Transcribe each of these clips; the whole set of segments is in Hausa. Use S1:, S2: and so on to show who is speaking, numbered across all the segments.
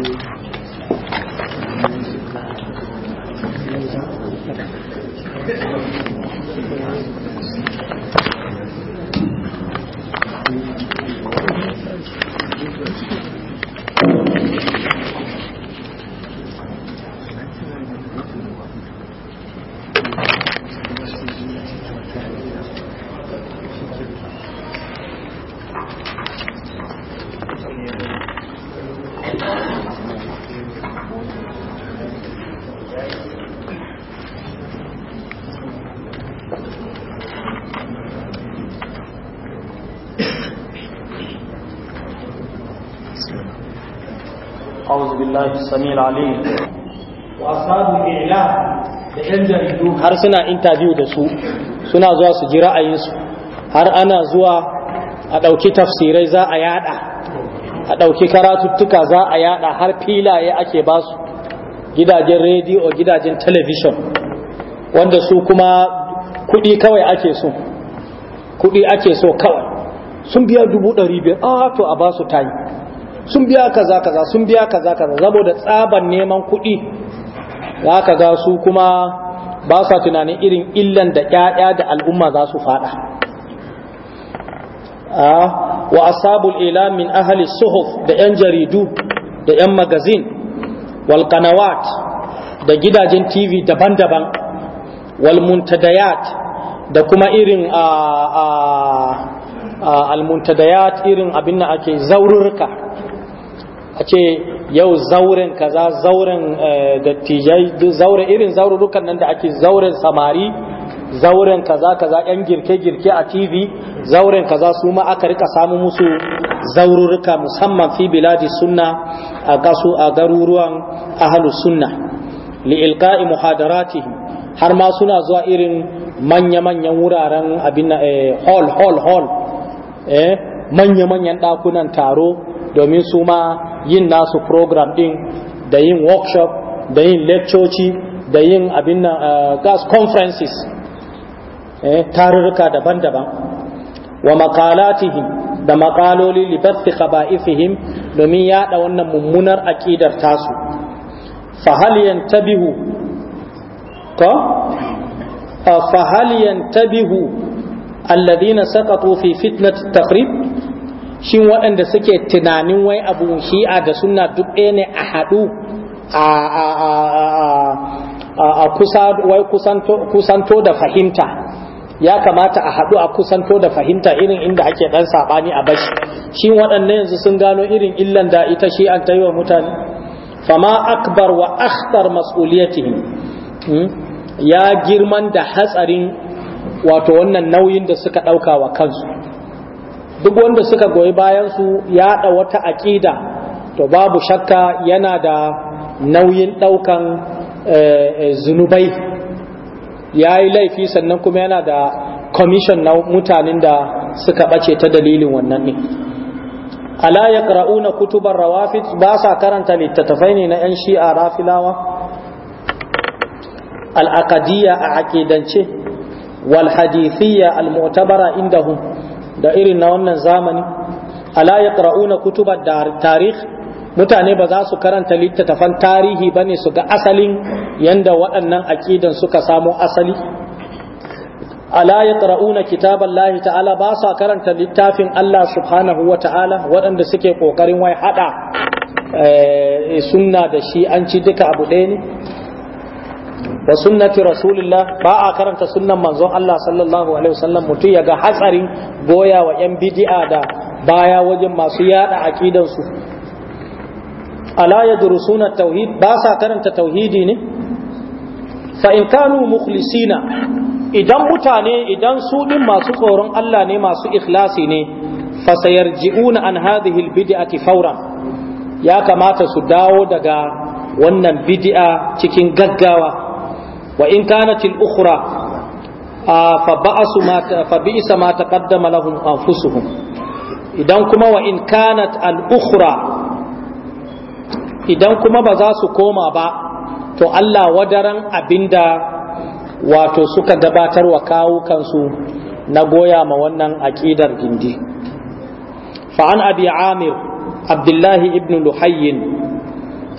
S1: Thank you. الله السميع العليم واصحاب الاعلام da yan jaridu har suna interview da su suna zuwa su ji ra'ayinsu har ana zuwa a ɗauki tafsirai za a yada a ɗauki karatuttuka za a yada har filaye ake su gidajen rediyo gidajen talabishin wanda su kuma kuɗi kawai ake so kuɗi ake so kawai sun biya dubu ɗari biyar a ah, to a ba basu tayi sun biya kaza kaza sun biya kaza kaza saboda tsaban neman kuɗi za ka ga su kuma ba sa tunanin irin illan da ƴaƴa da al'umma za su faɗa wa asabul ila min ahli suhuf da yan jaridu da yan magazin wal qanawat da gidajen tv daban-daban wal muntadayat da kuma irin a al irin abin da ake zaururka a ce yau zauren kaza zauren eh, dattijai zauren irin zaururukan nan da ake zauren samari zauren kaza kaza yan girke-girke a tv zauren kaza su ma aka rika samu musu zaururuka musamman fi biladi sunna a gasu a garuruwan ahalus sunna liilka'i muhadarati har ma suna zuwa irin manya-manyan wuraren abin eh, hall hall hall eh, manya-manyan dakunan taro domin su ma yin nasu program din da yin workshop da yin leccoci da yin abin na eh, gas conferences eh, tarurruka daban-daban wa maqalatihim da maqaloli li qaba'ifihim domin yada wannan mummunar aqidar tasu fa hal yantabihu Ka? Eh, fa hal yantabihu alladhina saqatu fi fitnati at-taqrib shin waɗanda suke tunanin wai abu shi'a da suna duk ɗaya ne a haɗu a wai kusanto da fahimta ya kamata a haɗu a kusanto da fahimta irin inda ake ɗan saɓani a bashi shin waɗanda yanzu sun gano irin illan da ita shi an wa mutane fama akbar wa akhtar mas'uliyatihim hmm? ya girman da hatsarin wato wannan nauyin da suka ɗauka wa kansu duk wanda suka goyi bayansu yaɗa wata aƙida to babu shakka yana da nauyin ɗaukan eh, eh, zunubai ya yi laifi sannan kuma yana da commission na mutanen da suka ɓace ta dalilin wannan ne ala ya ƙra'una kutubar rawafit ba sa karanta littattafai ne na 'yan shi'a rafilawa al al'akadiyya a aƙidance wal hadithiyya al-mu'tabara indahum da irin na wannan zamani ala yaqra'una kutuba tarikh mutane ba za su karanta littattafan tarihi bane su ga asalin yanda waɗannan aqidan suka samo asali ala yaqra'una kitaballahi ta'ala ba sa karanta littafin Allah subhanahu wa ta'ala waɗanda suke kokarin wai hada eh, sunna da shi an ci duka abu ɗaya ne wa sunnati rasulillah ba a karanta sunnan manzon Allah sallallahu alaihi wasallam mutum ya ga hatsarin goya wa yan bid'a da baya wajen masu yada aqidan su ala yadrusuna tauhid ba sa karanta tauhidi ne fa in kanu mukhlisina idan mutane idan su din masu tsoron Allah ne masu ikhlasi ne fa sayarji'una an hadhihi albid'ati fawran ya kamata su dawo daga wannan bid'a cikin gaggawa wa in kanat al-ukhra fa ba'su ma fa bi'sa ma taqaddama lahum anfusuhum idan kuma wa in kanat al idan kuma ba za su koma ba to Allah wadaran abinda wato suka gabatar wa kawukansu na goya ma wannan aƙidar gindi fa'an abi amir abdullahi ibn luhayyin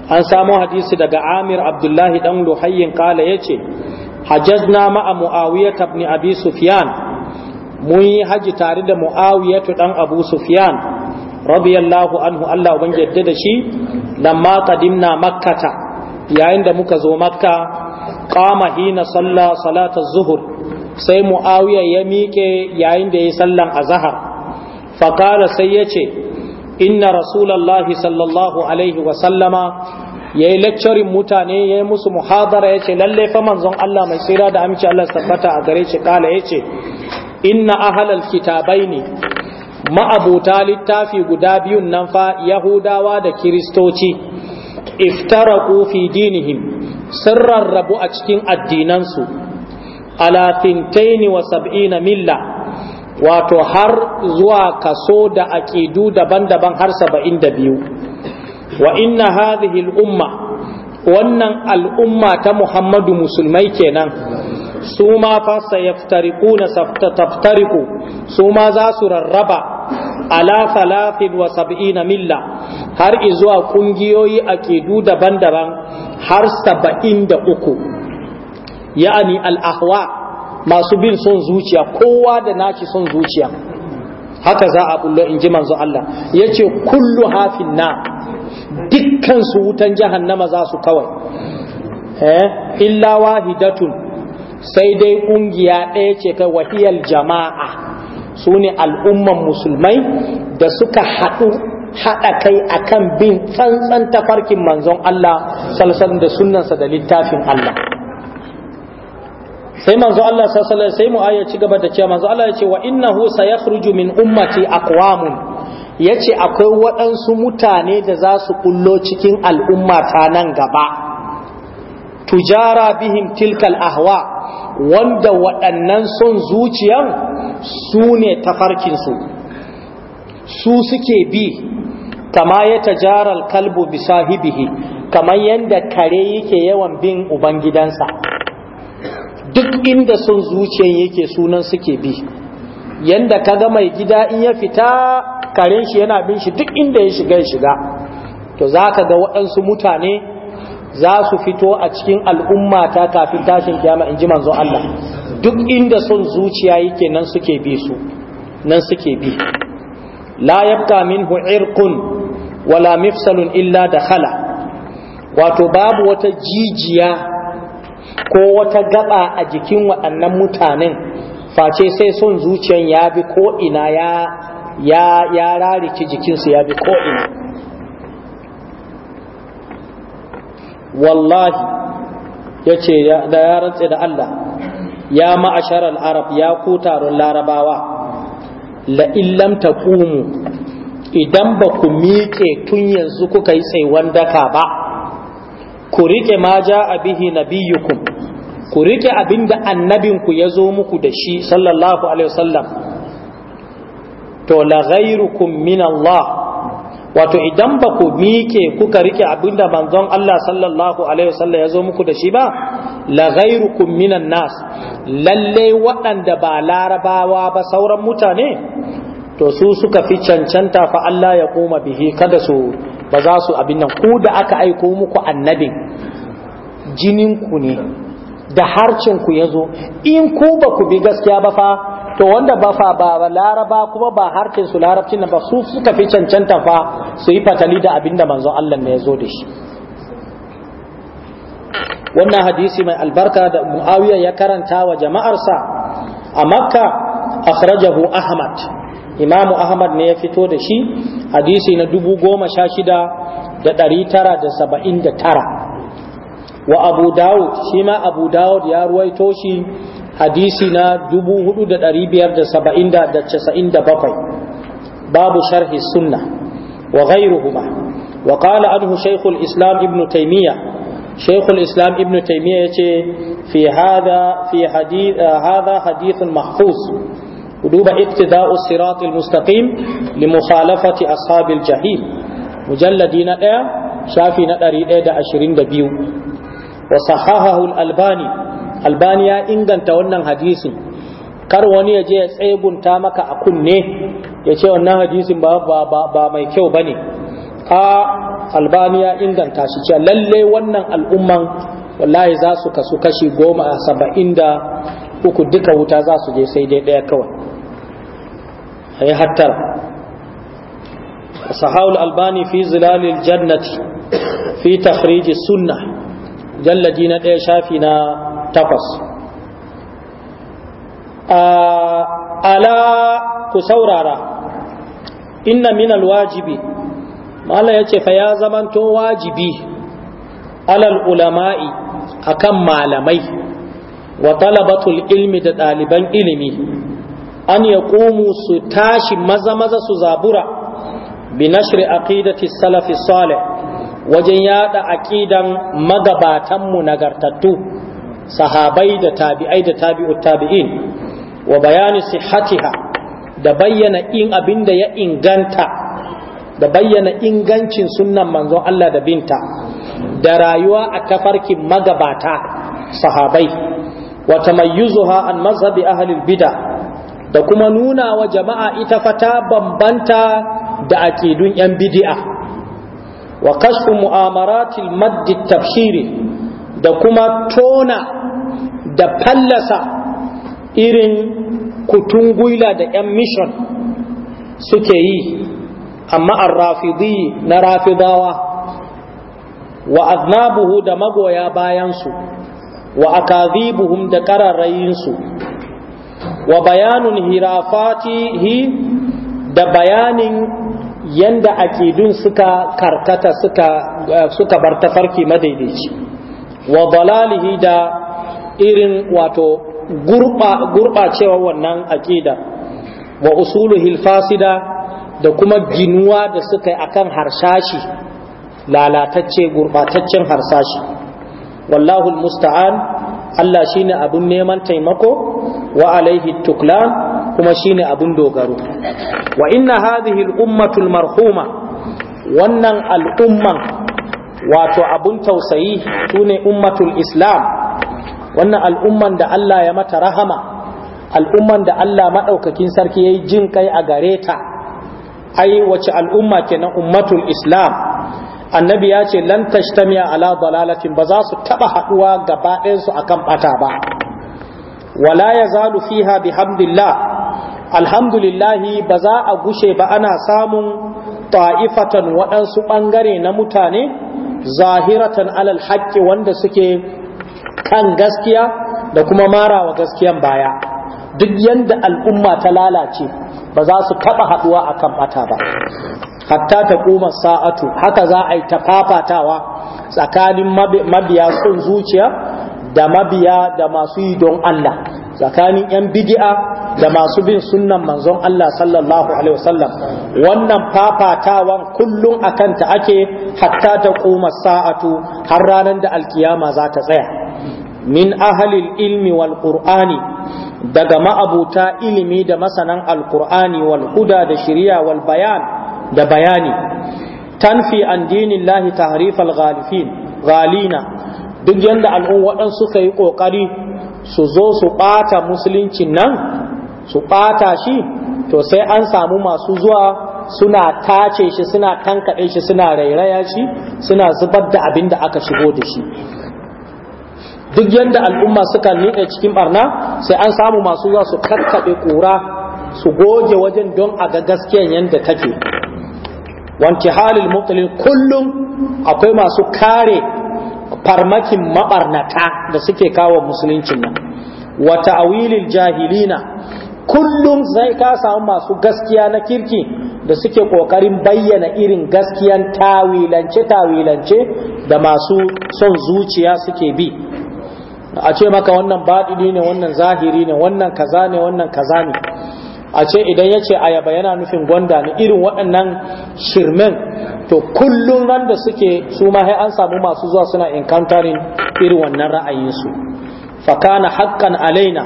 S1: an samo hadisi daga amir abdullahi dan luhayyin kala ya ce hajjazna ma'a mu'awiyat ibn abi sufyan mun yi haji tare da mu'awiyatu dan abu sufyan radiyallahu anhu Allah ban yadda da shi lamma qadimna makkata yayin da muka zo makka qama hina salla salata zuhur sai mu'awiya ya miƙe yayin da ya sallan azhar faqala sai yace inna rasulallahi sallallahu alaihi wasallama ya yi lecturing mutane ya yi musu muhadara ya ce lalle fa manzon Allah mai tsira da aminci Allah tabbata a gare shi kala ya ce inna ahalal kitabai ne ma'abuta littafi guda biyun nan fa yahudawa da kiristoci iftaraku fi dinihim sun rarrabu a cikin addinansu ala tintaini wa sab'ina milla wato har zuwa kaso da aƙidu daban-daban har saba'in da biyu wa inna hadhihi al'umma wannan al'umma ta muhammadu musulmai kenan su ma fa sayaftariku na taftariku su ma za su rarraba ala salafin wa sab'ina milla har zuwa ƙungiyoyi aƙidu daban-daban har saba'in da uku ya'ani al'ahwa masu bin son zuciya kowa da naci son zuciya haka za a bullo in ji manzo Allah yace kullu hafin na dukkan su wutan jahannama za su kawai eh illa wahidatun sai dai ƙungiya ɗaya ce kai wahiyar jama'a sune ne al'umman musulmai da suka haɗu haɗa kai akan bin tsantsan tafarkin manzon Allah salsan da sunnansa da littafin Allah sai manzo Allah sallallahu sai mu aya ci gaba da cewa manzo Allah ya ce wa innahu sayakhruju min ummati aqwamun yace akwai waɗansu mutane da za su kullo cikin al'umma ta nan gaba tujara bihim tilkal ahwa wanda waɗannan son zuciyan su ne tafarkin su suke bi kama ya tajaral kalbu bi sahibihi kamar yadda kare yake yawan bin ubangidansa duk inda sun zuciyan yake sunan suke bi yanda ka ga mai gida in ya fita karen shi yana bin shi duk inda ya shiga ya shiga to za ka ga waɗansu mutane za su fito a cikin al'umma ta kafin tashin kyama in ji manzo Allah duk inda sun zuciya yake nan suke bi su nan suke bi la yabqa minhu irqun wala mifsalun illa dakhala wato babu wata jijiya ko wata gaba a jikin waɗannan mutanen face sai son zuciyan ya bi ko'ina ya ya ya jikinsu ya bi ko'ina wallahi ya ce da ya rantse da Allah ya ma'ashar arab ya ku taron larabawa la'illam ta idan ba ku miƙe tun yanzu kuka yi tsaiwan daka ba ku rike ma ja'a bihi nabiyukum ku rike abinda annabinku ya zo muku da shi sallallahu alaihi wasallam to la ghairukum min Allah wato idan ba ku mike kuka rike abinda manzon Allah sallallahu alaihi wasallam ya zo muku da shi ba la ghairukum minan nas lalle waɗanda ba larabawa ba sauran mutane to su suka fi cancanta fa Allah ya koma bihi kada su ba za su abin nan ku da aka aiko muku annabin jininku ne da harcinku ya zo in ku ba ku bi gaskiya ba fa to wanda ba fa ba laraba kuma ba harcinsu su larabcin nan ba su suka fi cancanta fa su yi fatali da abin da manzon Allah ne ya zo da shi wannan hadisi mai albarka da muawiya ya karanta wa jama'arsa a makka akhrajahu ahmad imamu ahmad ne ya fito da shi hadisi na dubu goma sha shida da ɗari tara da saba'in da tara wa abu dawud shi ma abu dawud ya ruwaito shi hadisi na dubu hudu da ɗari biyar da saba'in da casa'in da bakwai babu sharhi sunna wa ghairuhuma wa qala anhu shaykhul islam ibnu taymiya shaykhul islam ibnu taymiya yace fi hadha fi hadith hadha hadithun mahfuz ku duba iktida'u siratul mustaqim li mukhalafati ashabil jahil mujalladi na ɗaya shafi na ɗari ɗaya da ashirin da biyu wa sahahahu albani albani ya inganta wannan hadisin kar wani ya je ya tsegunta maka a kunne ya ce wannan hadisin ba ba mai kyau bane a albani ya inganta shi ce lalle wannan al'umman wallahi za su kasu kashi goma a saba'in da uku duka wuta za su je sai dai ɗaya kawai ai hattara sahawul albani fi zilalil jannati fi takhriji sunna jalladi na ɗaya shafi na takwas ala ku saurara inna minal wajibi mala ya ce fa ya zamanto wajibi alal ulama'i akan malamai wa talabatul ilmi da ɗaliban ilimi an ya komu su tashi maza maza su zabura bi nashri aqidati salafi salih wajen yada aqidan magabatan mu nagartattu sahabai da tabi'ai da tabi'u tabi'in wa bayani sihhatiha da bayyana in abinda ya inganta da bayyana ingancin sunnan manzon Allah da binta da rayuwa a tafarkin magabata sahabai wa tamayyuzuha an mazhabi ahli bid'a da kuma nuna wa jama'a ita fata bambanta da aƙidun 'yan bidi'a wa kashfu mu'amaratil maddi tafshiri da kuma tona da fallasa irin kutungula da 'yan mishon suke yi amma an rafidi na rafidawa wa aznabuhu da magoya bayansu wa akazibuhum da ƙararrayinsu wa bayanun hirafatihi da bayanin yanda aƙidun suka karkata suka eh, suka bar tafarki madaidaici wa dalalihi da irin wato gurɓacewar wannan aƙida wa usuluhil fasida da kuma ginuwa da suka yi akan harsashi lalatacce gurɓataccen harsashi wallahul musta'an Allah shine abun neman taimako wa alaihi tuklan kuma shine abun dogaro wa inna hadhihi al-ummatul marhuma wannan al'umman wato abun tausayi sune ummatul islam wannan al'umman da Allah ya mata rahama al'umman da Allah madaukakin sarki yayi jin kai a gare ta ai wace al'umma kenan ummatul islam annabi ya ce lan tashtamiya ala dalalatin ba za su taba haduwa gaba ɗayansu akan bata ba wala yazalu fiha bihamdillah alhamdulillah ba za a gushe ba ana samun ta'ifatan waɗansu ɓangare na mutane zahiratan alal haƙƙi wanda suke kan gaskiya da kuma marawa gaskiyan baya duk yanda al'umma ta lalace ba za su taɓa haɗuwa akan ɓata ba hatta ta kuma sa'atu haka za a yi ta fafatawa tsakanin mabiya sun zuciya da mabiya da masu yi don Allah tsakanin yan bidi'a da masu bin sunnan manzon Allah sallallahu alaihi wasallam wannan fafatawan kullum a ta ake hatta ta kuma sa'atu har ranar da alkiyama za ta tsaya min ahalil ilmi wal qur'ani daga ma'abuta ilimi da masanan alkur'ani wal huda da shiriya wal bayan da bayani tanfi an dinin lahi tahrifal ghalina duk yadda al'umma suka yi ƙoƙari su zo su ɓata musuluncin nan su ɓata shi to sai an samu masu zuwa suna tace shi suna tankaɗe shi suna rairaya shi suna zubar da abin da aka shigo da shi duk yadda al'umma suka niɗe cikin barna sai an samu masu zuwa su karkaɗe ƙura su goge wajen don a ga gaskiyan yadda take wanti halil mutalin kullum akwai masu kare farmakin mabarnata da suke kawo musuluncin nan wa ta'wilil jahilina kullum zai ka samu masu gaskiya na kirki da suke kokarin bayyana irin gaskiyan tawilance tawilance da masu son zuciya suke bi a ce maka wannan baɗi ne wannan zahiri ne wannan kaza ne wannan kaza ne a ce idan ya ce ayaba yana nufin gwanda ne irin waɗannan shirmen to kullum ran da suke su ma sai an samu masu zuwa suna inkantarin irin wannan ra'ayinsu fakana haƙƙan alaina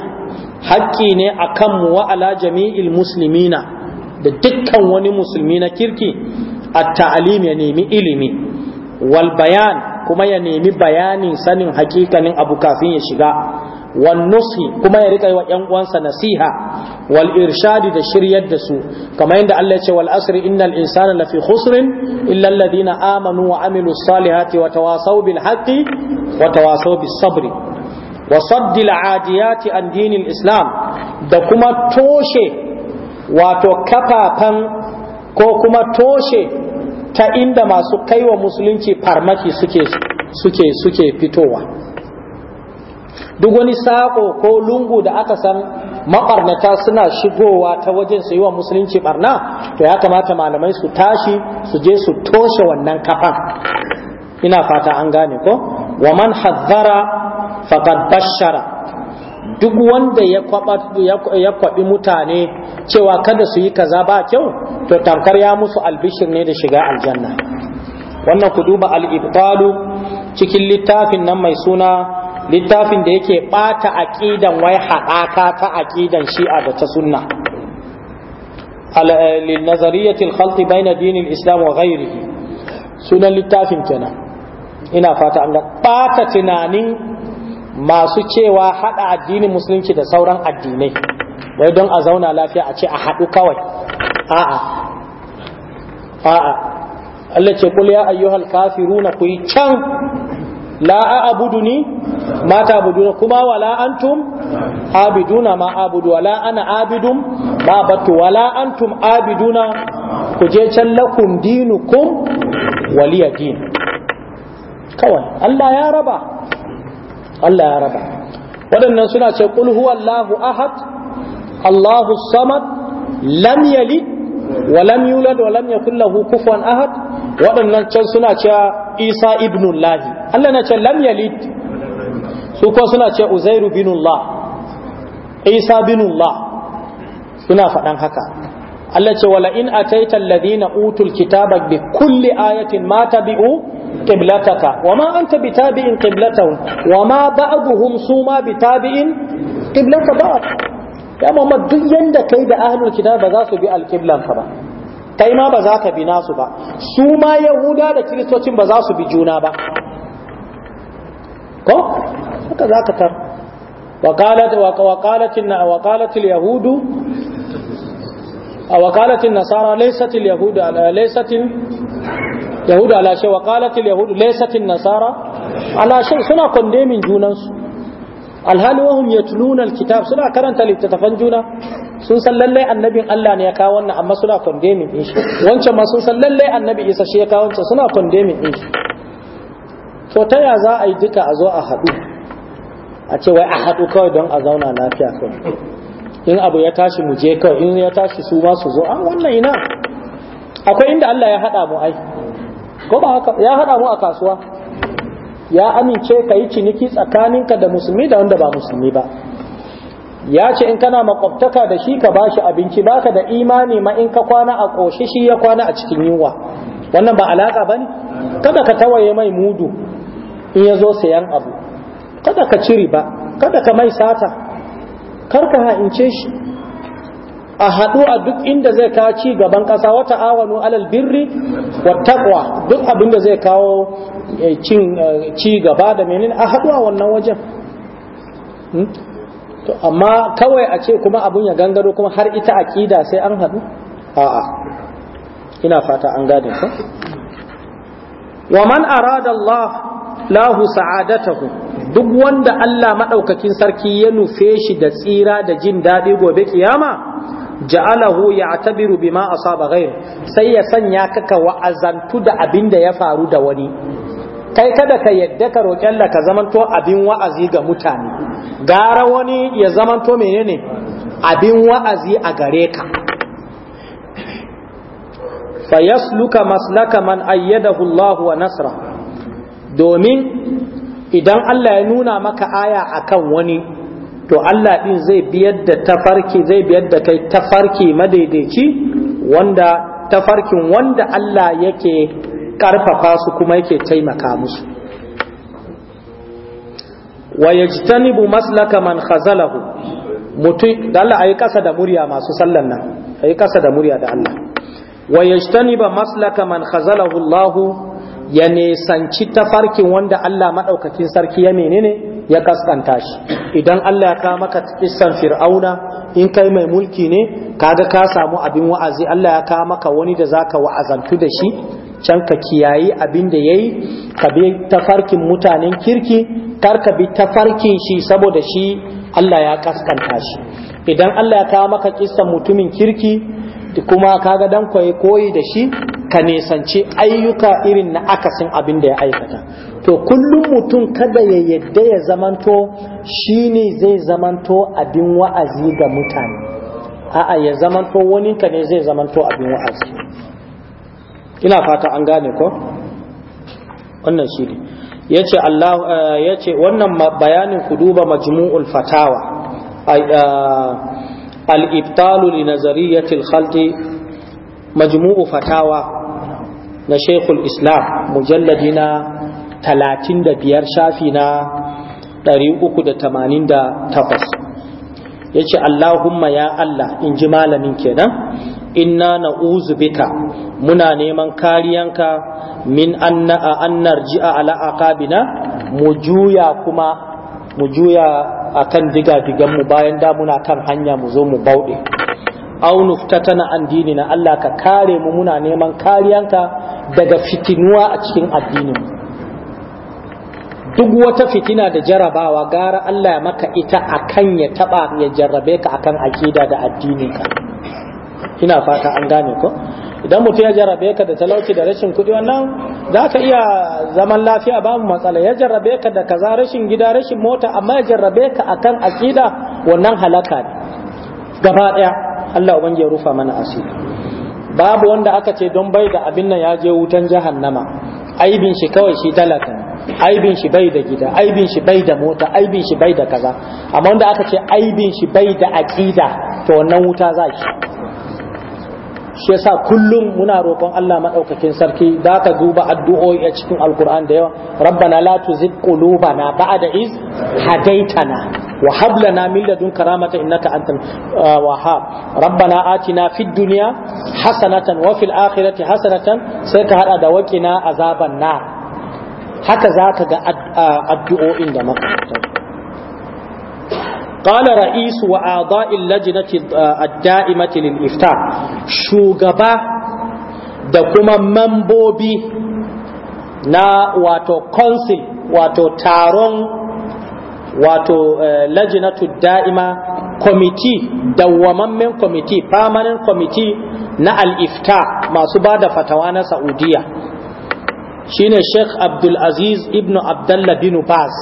S1: haƙƙi ne a kanmu wa ala jami'il musulmina da dukkan wani musulmi na kirki a ta'alim ya nemi ilimi wal bayan kuma ya nemi bayanin sanin hakikanin abu kafin ya shiga wan nushi kuma ya rika wa 'yan uwansa nasiha wal irshadi da shiryar da su kamar yadda Allah ya ce wal asri innal insana lafi khusrin illa alladhina amanu wa amilus salihati wa tawasaw bil haqqi wa tawasaw sabri wa saddil adiyati an dinil islam da kuma toshe wato kafafen ko kuma toshe ta inda masu kaiwa musulunci farmaki suke suke fitowa duk wani sako ko lungu da aka san makarnata suna shigowa ta wajen su yi wa musulunci barna to ya kamata malamai su tashi su je su toshe wannan kafan ina fata an gane ko wa man hazzara faqad bashara duk wanda ya kwaɓi mutane cewa kada su yi kaza ba kyau to tamkar ya musu albishir ne da shiga aljanna wannan ku duba al cikin littafin nan mai suna littafin da yake ɓata aƙidan wai haɗaka ta aƙidan shi'a da ta sunna eh, linnazariyatil khalti baina dinin islam wa ghairihi sunan littafin kenan ina fata an ɓata tunanin masu cewa haɗa addinin musulunci da sauran addinai wai don a zauna lafiya a ce a haɗu kawai a'a a'a Allah ce kul ya ayyuhal kafiruna ku can la ni ma ta'buduna kuma wala antum abiduna ma abudu wala ana abidum ma batu wala antum abiduna kuje can lakum dinukum waliya din kawai Allah ya raba Allah ya raba waɗannan suna ce qul huwallahu ahad Allahu samad lam yalid wa lam yulad wa lam yakul lahu kufuwan ahad Wadannan can suna cewa Isa ibnullahi Allah na ce lam yalid su ko suna ce uzairu binullah isa binullah suna faɗan haka Allah ce wala in ataita alladhina utul kitaba bi kulli ayatin ma tabi'u qiblataka wama anta bitabi'in qiblatahum wama ba'dhum suma bitabi'in qiblata ba? ya Muhammad duk yanda kai da ahlul kitab ba za su bi alqiblan ka ba kai ma ba za ka bi nasu ba su ma yahuda da kiristocin ba za su bi juna ba ko haka za ka tar wakalatin yahudu a wakalatin nasara laisatin yahudu yahudu alashe wakalatin yahudu laisatin nasara alashe suna kondemin junansu alhali wahum yatluna Kitab suna karanta littattafan juna sun san lallai annabin Allah ne ya kawo wannan amma suna condemning din wancan ma sun san lallai annabin Isa shi ya kawo wancan suna condemning din to ta ya za a yi duka a zo a haɗu a ce wai a haɗu kawai don a zauna lafiya kawai in abu ya tashi mu je kawai in ya tashi su ma su zo a ah, wannan ina akwai inda Allah ya haɗa mu ai ko ba haka ya haɗa mu a kasuwa ya amince ka yi ciniki tsakaninka da musulmi da wanda ba musulmi ba ya ce in kana makwabtaka da shi ka bashi abinci baka da imani ma in ka kwana a ƙoshi shi ya kwana a cikin yunwa wannan ba alaka bane kada ka tawaye mai mudu in ya zo sayan abu kada ka ciri ba kada ka mai sata kar ka ha'ince shi a haɗu a duk inda zai kawo ci gaban ƙasa wata awanu alal birri wa taqwa duk abin zai kawo eh, eh, ci gaba da menin a haɗu a wannan wajen hmm? amma kawai a ce kuma abun ya gangaro kuma har ita aƙida sai an haɗu a'a ina fata an gane ko
S2: wa man arada
S1: Allah lahu sa'adatahu duk wanda Allah madaukakin sarki ya nufe shi da tsira da jin daɗi gobe kiyama ja'alahu ya'tabiru bima asaba ghayr sai ya sanya kaka wa'azantu da abin da ya faru da wani kai kada ka yadda ka roƙi Allah ka zamanto abin wa'azi ga mutane gara wani ya zamanto menene abin wa'azi a gare ka Fa fayasluka maslaka man ayyadahu Allah wa nasra domin idan Allah ya nuna maka aya akan wani to Allah din zai biyar da tafarki zai biyar da kai tafarki madaidaici wanda tafarkin wanda Allah yake karfafa su kuma yake taimaka musu wa yajtanibu maslaka man khazalahu mutum da Allah ayi kasa da murya masu sallan nan ayi kasa da murya da Allah wa yajtaniba maslaka man khazalahu Allahu ya nisanci tafarkin wanda Allah maɗaukakin sarki ya menene ya kaskanta shi idan Allah ya kawo maka kissan fir'auna in kai mai mulki ne kaga ka samu abin wa'azi Allah ya kawo maka wani da zaka wa'azantu da shi can ka kiyayi abin da yayi ka bi tafarkin mutanen kirki kar ka bi tafarkin shi saboda shi Allah ya kaskanta shi idan Allah ya kawo maka kissan mutumin kirki kuma kaga dan koyi koyi da shi ka nisanci ayyuka irin na akasin abin da ya aikata to kullum mutum kada ya yadda ya zamanto shine zai zamanto abin wa'azi ga mutane a'a ya zamanto ka ne zai zamanto abin wa'azi ina fata an gane ko wannan shi ne Ya Allah eh, wannan bayanin ku duba majmu'ul fatawa eh, al-ibtalu li nazariyatil khalqi majmu'u fatawa na shekul islam mujalladi na 35 shafi na 388 ya ce allahumma ya allah in ji malamin kenan inna na uzubika muna neman kariyanka min anna a annar ji'a ala'aƙabina mu juya kuma mu juya akan diga-diganmu bayan da muna kan hanya mu zo mu bauɗe aw nuftatana an dinina Allah ka kare mu muna neman kariyanka daga fitinuwa a cikin addinin duk wata fitina da jarabawa gara Allah ya maka ita akan ya taba ya jarrabe ka akan akida da addininka ina fata an gane ko idan mutum ya jarrabe ka da talauci da rashin kuɗi wannan za ka iya zaman lafiya babu matsala ya jarrabe ka da kaza rashin gida rashin mota amma ya jarrabe ka akan akida wannan halaka ne gaba ɗaya Allah ubangi ya rufa mana asiri babu wanda aka ce don bai da abin nan ya je wutan jahannama aibin shi kawai shi talaka aibin shi bai da gida aibin shi bai da mota aibin shi bai da kaza amma wanda aka ce aibin shi bai da aqida to wannan wuta za shi yasa kullum muna roƙon Allah maɗaukakin sarki da ka duba addu'o'i a cikin alkur'an da yawa rabbana la tuzigh qulubana ba'da iz hadaitana wa hab lana min ladunka rahmatan innaka antal uh, wahhab rabbana atina fid dunya hasanatan wa fil akhirati hasanatan sai ka hada da waqina azaban nar haka zaka ga uh, addu'o'in da maka. قال رئيس وأعضاء اللجنة الدائمة shugaba da kuma mambobi na wato council wato taron wato lajinatu da'ima kwamiti dawwamammen kwamiti permanent kwamiti na al-ifta, masu ba da fatawa na saudiya shine sheikh abdulaziz ibn abdullah bin baz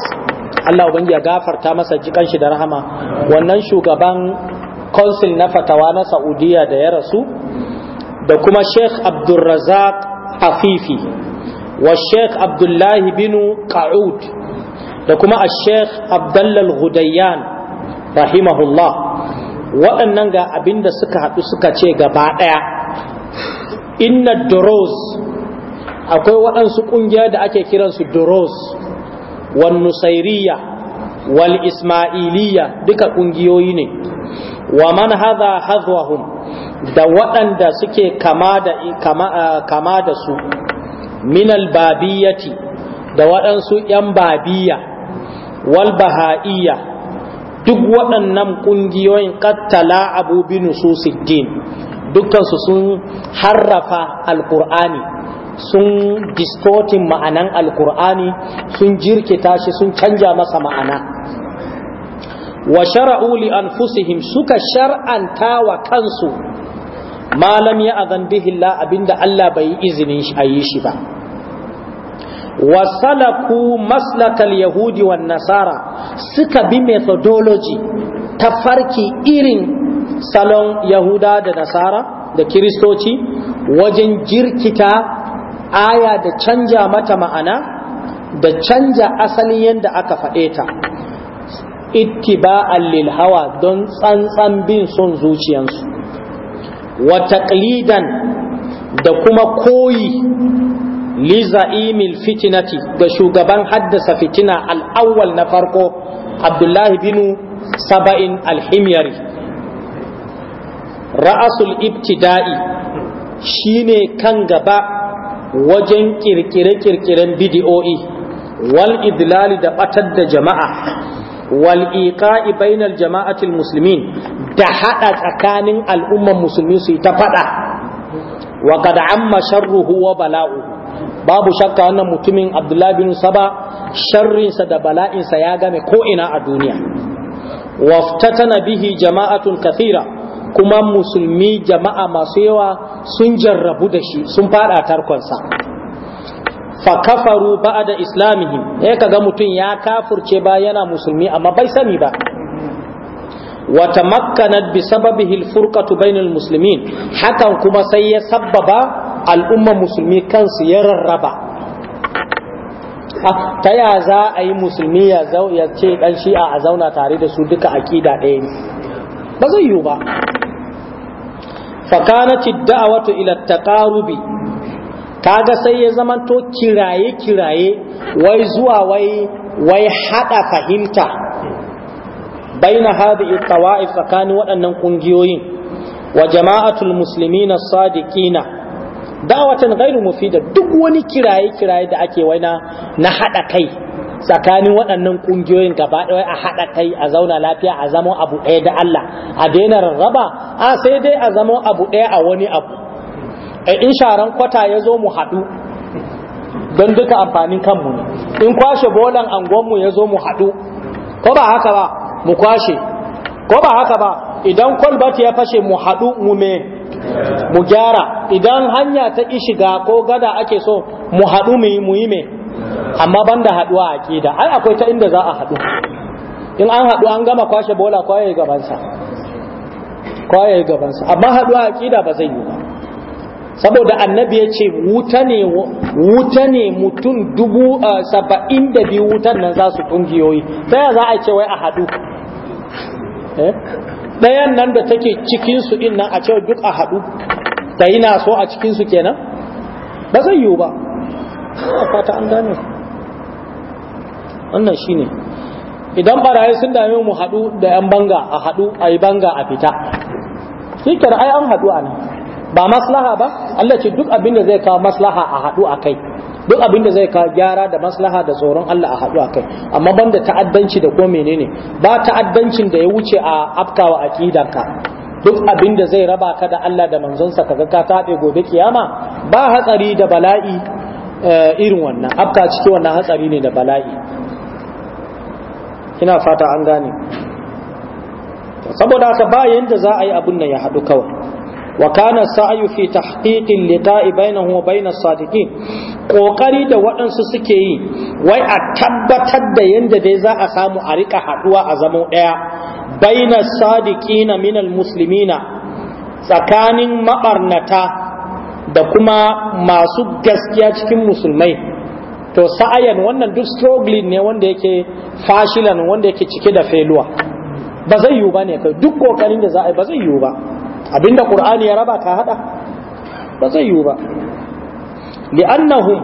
S1: Allah ubangi ya gafarta masa jikan shi da rahama wannan shugaban consul na fatawa na Saudiya da ya rasu da kuma Sheikh Abdulrazak Afifi wa Sheikh Abdullahi bin Qa'ud da kuma Sheikh Abdullal Ghudayyan rahimahullah waɗannan ga abinda suka haɗu suka ce gaba ɗaya inna duros akwai waɗansu ƙungiya da ake kiransu duros wal nusairiyya wal ismailiyya duka ƙungiyoyi ne wa man hadha hadwahum da waɗanda suke kama da su minal babiyati da waɗansu 'yan babiya wal baha'iyya duk waɗannan ƙungiyoyin ƙattala abu bi nususiddin dukkansu sun harrafa alƙur'ani sun distortin ma'anan alkur'ani sun jirkita shi sun canja masa ma'ana wa shara'u li anfusihim suka shar'anta wa kansu malam ya azan bihi Allah abinda Allah bai izinin shi ayi shi ba wa salaku maslakal yahudi wan nasara suka bi methodology ta farki irin salon yahuda da nasara da kiristoci wajen jirkita aya da canja mata ma'ana da canja asalin yadda aka faɗe ta ittiba'an lil hawa don tsantsan bin son zuciyansu wa taqlidan da kuma koyi li za'imil fitinati ga shugaban haddasa fitina al'awwal na farko abdullahi binu saba'in alhimyari ra'asul ibtida'i shine kan gaba wajen kirkire-kirkiren bidiyo'i wal idlali da batar da jama'a wal iqa'i bainal jama'atil muslimin da hada tsakanin al'umman musulmi su ta fada wa qad amma sharruhu wa bala'u, babu shakka wannan mutumin abdullahi bin saba sharrinsa da bala'insa ya game ko ina a duniya tana bihi jama'atun kathira kuma musulmi jama'a masu yawa sun jarrabu da shi sun fada tarkonsa fa kafaru ba'da islamihim eh kaga mutum ya kafurce ba yana musulmi amma bai sani ba wa tamakkanat bi sababihi alfurqatu bainal muslimin hakan kuma sai ya sabbaba al'umma musulmi kansu ya rarraba ta ya za a yi musulmi ya ce dan shi'a a zauna tare da su duka aƙida ɗaya ne ba zai yiwu ba fakanati da'awatu ila taqarubi kaga sai ya zamanto kiraye kiraye wai zuwa wai wai hada fahimta baina hadhihi tawa'if tsakanin waɗannan kungiyoyin wa jama'atul muslimina sadiqina da'watan ghairu mufida duk wani kiraye kiraye da ake waina na hada kai tsakanin waɗannan ƙungiyoyin gaba ɗaya a haɗa kai a zauna lafiya a zama abu ɗaya da Allah a daina rarraba a sai dai a zama abu ɗaya a wani abu e in sharan kwata ya zo mu haɗu don duka amfanin kanmu ne in kwashe bolan angonmu ya zo mu haɗu ko ba haka ba mu kwashe ko ba haka ba idan kwalbati ya fashe mu haɗu mu me mu gyara idan hanya ta ishiga ko gada ake so mu haɗu mu yi mu yi me amma ban da haduwa a ƙida ai akwai ta inda za a haɗu. in an haɗu an gama kwashe bola kwaye gabansa kwaye gabansa amma haduwa a ƙida ba zai yi ba saboda annabi ya ce wuta ne mutum dubu saba'in da biyu wutan nan za su kungiyoyi ta za a ce wai a haɗu eh? ɗayan nan da take cikinsu in nan a ce duk a haɗu ta yi naso a cikinsu kenan ba zai yiwu ba a fata an gane wannan ne. idan barayi sun dami mu haɗu da yan banga a haɗu a banga a fita shi ai an haɗu a ba maslaha ba Allah ce duk abin da zai kawo maslaha a haɗu a duk abin da zai kawo gyara da maslaha da tsoron Allah a haɗu a kai amma banda ta'addanci da ko menene ba ta'addancin da ya wuce a afkawa aqidanka duk abin da zai raba ka da Allah da manzonsa kaga ka tabe gobe kiyama ba hatsari da bala'i Eh, irin wannan afka ciki wannan hatsari ne da bala'i ina fata an gane saboda haka ba yadda za a yi abun nan ya haɗu kawai wa kana sa'yu fi tahqiqil liqa'i bainahu wa bainas sadiqin kokari da waɗansu suke yi wai a tabbatar da yadda dai za a samu a rika haɗuwa a zamo ɗaya bainas sadiqina minal muslimina tsakanin mabarnata da kuma masu gaskiya cikin musulmai to sa'ayan wannan duk struggling ne wanda yake fashilan wanda yake cike da feluwa ba zai yiwu ba ne kai duk kokarin da za a yi ba zai yiwu ba abinda qur'ani ya raba ka hada ba zai yiwu ba li'annahum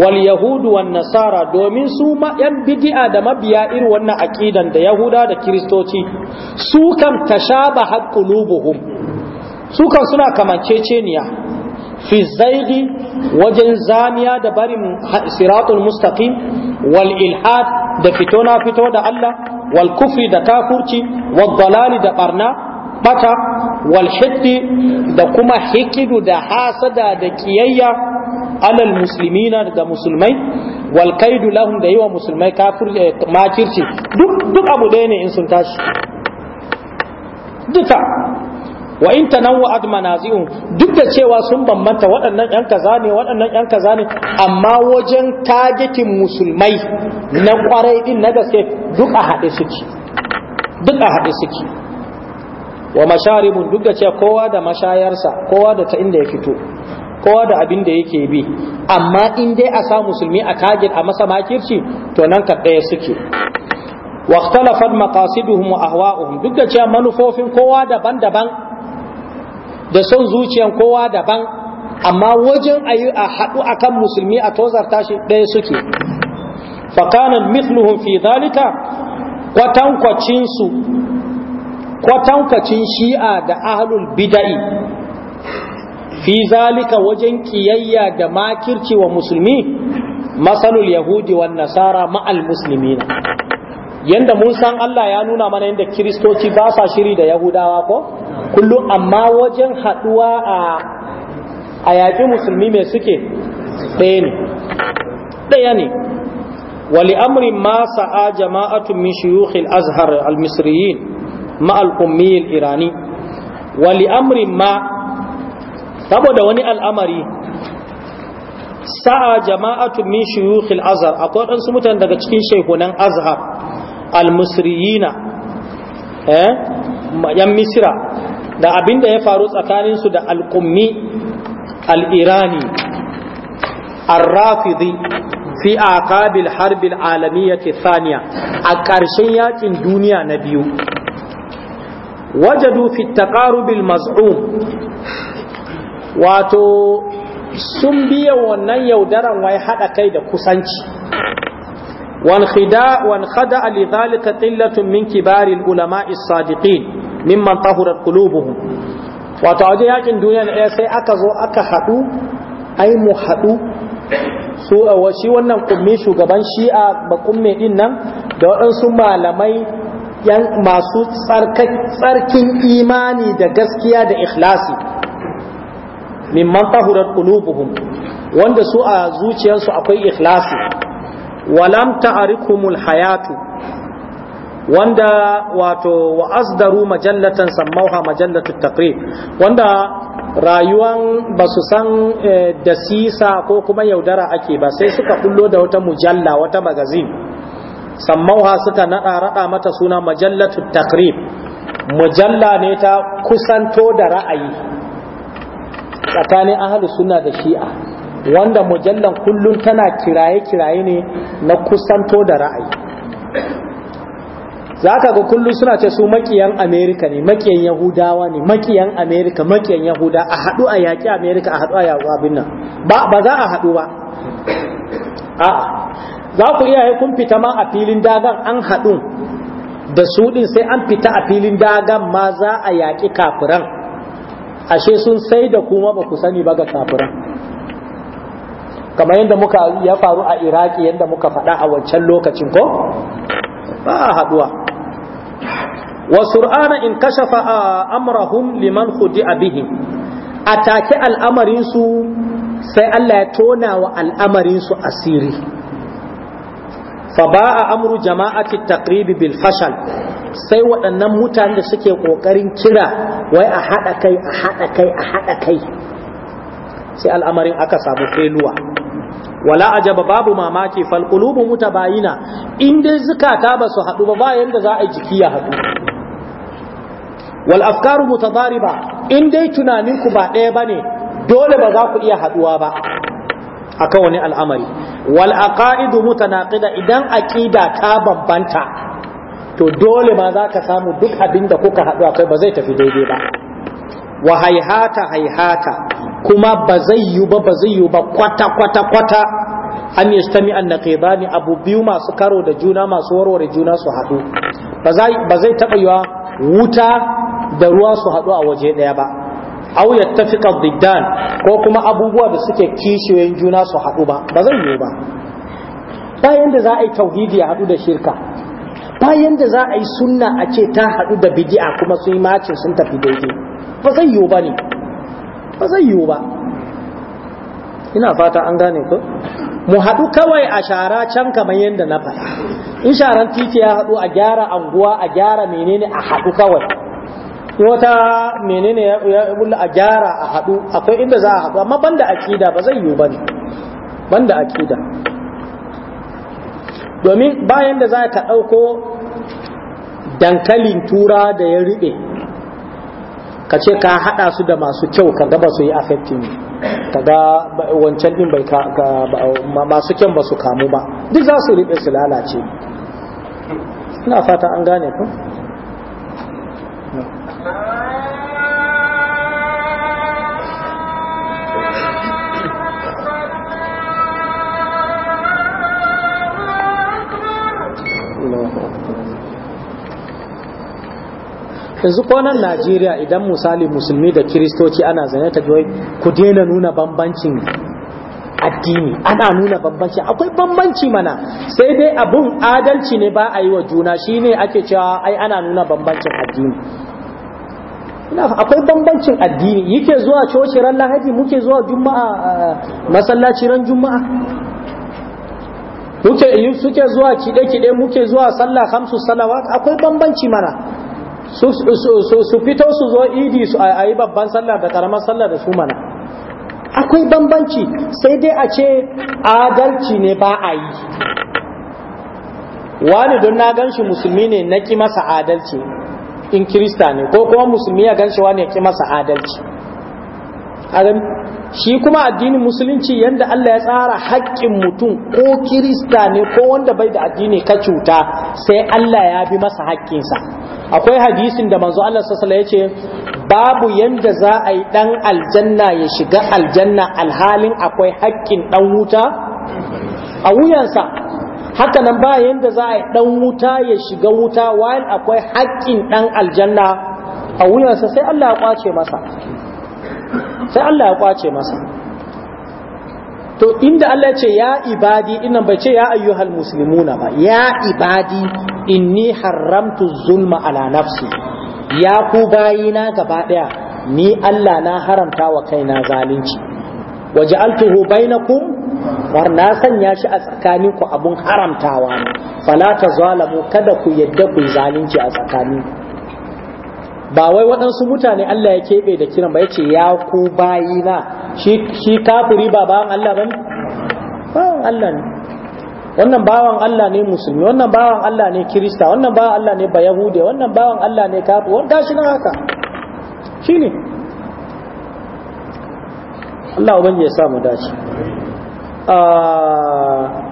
S1: wal yahud wan nasara domin su ma yan bid'a da mabiya irin wannan aqidan da yahuda da kristoci su kam tashabahat qulubuhum su kan suna kamanceceniya fi zaidi wajen zamiya da barin siratul mustaqim wal ilhad da fito na fito da Allah wal kufri da kafurci wal dalali da barna bata wal hiddi da kuma hikidu da hasada da kiyayya alal muslimina da musulmai wal kaidu lahum da yiwa musulmai kafir eh, makirci duk abu ɗaya ne in sun tashi duka wa in tanawwa'at manazi'un duk da cewa sun bambanta waɗannan yan kaza ne waɗannan yan kaza ne amma wajen tagitin musulmai na kwarai din na gaske duk a haɗe suke duk a haɗe suke wa masharibun duk da cewa kowa da mashayarsa kowa da ta inda ya fito kowa da abin da yake bi amma in dai a sa musulmi a target a masa makirci to nan ka ɗaya suke واختلفت مقاصدهم واهواؤهم duk da cewa manufofin kowa daban-daban da son zuciyan kowa daban amma wajen a yi a kan musulmi a tozar tashi ɗaya suke fakanan mithluhun fi zalika kwatankwacinsu kwatankwacin shi'a da ahlul bida'i fi zalika wajen kiyayya da makirci wa musulmi masalul yahudi wa nasara ma'al na yanda mun san Allah ya nuna mana yanda kiristoci ba sa shiri da yahudawa ko kullum amma wajen haduwa a yaƙi musulmi mai suke ɗaya ne ɗaya ne wali amrin ma sa'a jama'atun min shuyukhil azhar al-misriyin ma al irani wali amrin ma saboda wani al'amari sa'a jama'atun min shuyukhil azhar akwai ɗansu mutane daga cikin shekunan azhar almusriyina eh, yan misira da abin da ya faru tsakaninsu da alƙummi al'irani arrafidi fi aqabil harbil alamiyyati thaniya a ƙarshen yakin duniya na biyu wajadu fi taqarubil maz'um wato sun biya wannan yaudaran wai haɗa kai da kusanci وانخدع لذلك قلة من كبار العلماء الصادقين ممن طهرت قلوبهم وتعودي يقين دنيا سي أكزو أكحدو أي محدو su shi wannan kummi shugaban shi'a ba kumme din da waɗansu malamai yan masu tsarkin imani da gaskiya da ikhlasi mimman tahurar qulubuhum wanda su a zuciyarsu akwai ikhlasi walam ta'arikumul hayatu wanda wato wa azdaru majallatan sammauha majallatu taqrib wanda rayuwan ba su san e, da sisa ko kuma yaudara ake ba sai suka kullo da wata mujalla wata magazin sammauha suka nada rada mata suna majallatu taqrib mujalla ne ta kusanto da ra'ayi tsakanin ahlus sunna da shi'a wanda mujallan kullum tana kiraye-kiraye ne na kusanto da ra'ayi za ka ga kullum suna ce su makiyan amerika ne makiyan yahudawa ne makiyan amerika makiyan yahuda a haɗu a yaƙi amerika a haɗu a yawon abin nan ba za a haɗu ba a za ku iya kun fita ma a filin dagan an haɗu da su ɗin sai an fita a filin dagan ma za a yaƙi kafiran ashe sun sai da kuma ba ku sani ba ga kafiran kamar yadda muka ya faru a iraki yadda muka faɗa a wancan lokacin ko ba a haɗuwa wa sur'ana in kashafa amrahum liman khudi'a bihi A take al'amarinsu sai Allah ya tona wa al'amarinsu asiri fa a amru jama'ati taqribi bil fashal sai waɗannan mutanen da suke ƙoƙarin kira wai a haɗa kai a haɗa kai a haɗa kai sai al'amarin aka samu feluwa wala ajaba babu mamaki fal qulubu mutabayina in dai zukata ba su hadu ba ba yanda za a jiki ya hadu wal afkaru mutadariba in dai tunanin ku ba ɗaya bane dole ba za ku iya haduwa ba akan wani al'amari wal aqaidu mutanaqida idan aqida ta bambanta to dole ma za ka samu duk abinda kuka haɗu akai ba zai tafi daidai ba wa haihata haihata kuma ba zai yi ba ba zai yi ba kwata kwata kwata an stami an abu biyu masu karo da juna masu warware juna su haɗu ba zai taɓa yiwa wuta da ruwa su haɗu a waje ɗaya ba au tafi diddan ko kuma abubuwa da suke kishiyoyin juna su haɗu ba ba zai yi ba bayan da za a yi tauhidi ya haɗu da shirka bayan da za a yi sunna a ce ta haɗu da bidi'a kuma sun yi macin sun tafi daidai ba zai yiwu ba ne ba zai yiwu ba ina fata an gane ko mu haɗu kawai a shara can kamar yadda na faɗa in sharan titi ya haɗu a gyara anguwa a gyara menene a haɗu kawai wata menene ya bulla a gyara a haɗu akwai inda za a haɗu amma banda akida ba zai yiwu ba ne banda akida domin bayan da za ka ɗauko dankalin tura da ya riɓe ka ce ka hada su da masu kyau ka gaba su yi affecting ka ga wancan din bai ka masu kyan ba su kamu ba duk za su riɓe su lalace ina fata an gane ku yanzu ko nan Najeriya idan misali musulmi da kiristoci ana zane ta joyi ku daina nuna bambancin addini ana nuna bambanci akwai bambanci mana sai dai abun adalci ne ba a yi wa juna shine ake cewa ai ana nuna bambancin addini akwai bambancin addini yake zuwa coci ran lahadi muke zuwa juma'a eh, masallaci ran juma'a muke suke zuwa kide-kide muke zuwa sallah hamsu salawat akwai bambanci mana su fito su zo idi su a yi babban sallah da karamar sallah da su mana akwai bambanci sai dai a ce adalci ne ba a yi wani don na gan shi musulmi ne na ki masa adalci in kirista ne ko kuma musulmi ya gan shi wani ya ki masa adalci shi kuma addinin musulunci yadda Allah ya tsara haƙƙin mutum ko kirista ne ko wanda bai da addini ka cuta sai Allah ya bi masa haƙƙinsa akwai hadisin da manzo Allah sallallahu ya ce babu yanda za a yi ɗan aljanna ya shiga aljanna alhalin akwai haƙƙin ɗan wuta a wuyansa haka nan ba yanda za a yi ɗan wuta ya shiga wuta wayan akwai hakkin ɗan aljanna a wuyansa sai Allah ya kwace masa sai Allah ya kwace masa to inda Allah ce ya ibadi innan bai ce ya ayyuhal Musulmuna ba ya ibadi inni haramtu zulma ala nafsi ya ku bayina gaba daya ni Allah na haramta wa kaina zalunci waj'altuhu bainakum war na sanya shi a tsakanin ku abun haramtawa ne fala tazalamu kada ku yadda ku zalunci a tsakanin ba wai waɗansu mutane Allah ya keɓe da kiran ba ya ce ya ku na shi kafiri ba bawan Allah ba ne bawan Allah ne wannan bawan Allah ne musulmi wannan bawan Allah ne kirista wannan bawan Allah ne ba yahudiya wannan bawan Allah ne kafiri wanda shi na haka shi ne Allah ubangi ya samu dace ah,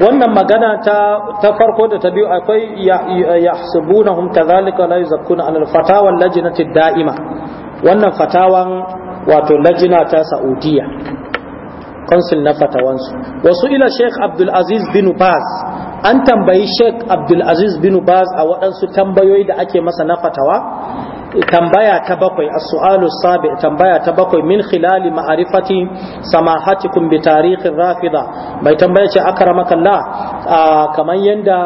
S1: wannan magana ta ta farko da ta biyu akwai yahsubunahum kadhalika la yuzakkuna al fatawa lajnati da'ima wannan fatawan wato lajina ta saudiya konsul na fatawansu wasu ila sheikh abdul aziz bin baz an tambayi sheikh abdul aziz bin baz a waɗansu tambayoyi da ake masa na fatawa tambaya ta bakwai as-su'alu sabi tambaya ta bakwai min khilali ma'arifati samahatikum bi tarihin rafida Mai tambaya ce akramakallah kamar yanda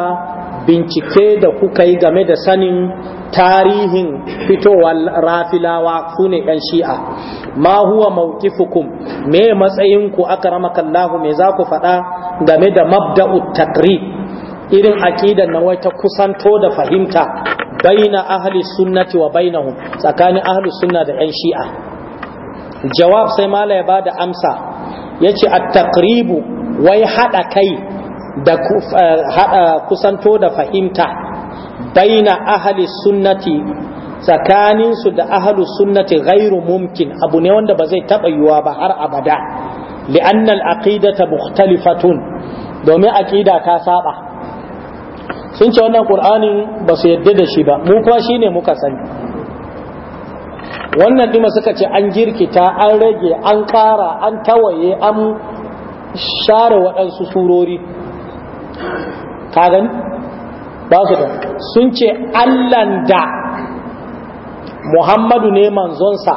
S1: bincike da kuka yi game da sanin tarihin fitowar rafilawa su ne yan shi'a ma huwa mawqifukum me matsayinku akramakallah me za ku faɗa game da mabda'ut taqrib irin aqidan nan wai ta kusanto da fahimta baina ahli sunnati wa bainahum tsakanin ahli sunna da yan shi'a jawab sai mala ya bada amsa yace at-taqribu wai hada kai da eh, hada kusanto da fahimta baina ahli sunnati tsakanin su da ahli sunnati ghairu mumkin abu ne wanda ba zai taba yiwa ba har abada li'anna al-aqidata mukhtalifatun domin aqida ta saba sun ce wannan qur'anin ba su yadda da shi ba mu kuma shine muka sani wannan dima suka ce an girkita an rage an ƙara an tawaye an share waɗansu surori kagan ba su da sun ce allan da muhammadu ne manzonsa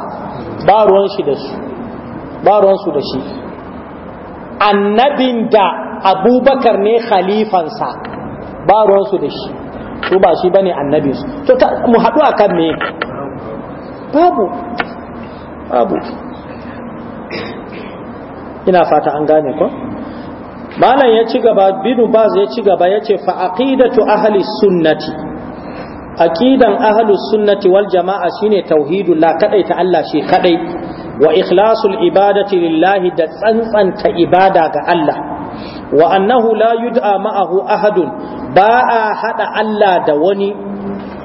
S1: ba ruwan shi ba ruwansu da shi annabin da abubakar ne khalifansa ba ruwansu da shi su ba shi bane annabi su to mu haɗu akan me babu babu ina fata an gane ko malam ya ci gaba binu baz ya ci gaba ya ce fa aqidatu ahli sunnati aƙidan ahli sunnati wal jama'a shine tauhidu la kadai ta Allah shi kadai wa ikhlasul ibadati lillahi da tsantsanta ibada ga Allah wa annahu la yud'a ma'ahu ahadun ba a haɗa Allah da wani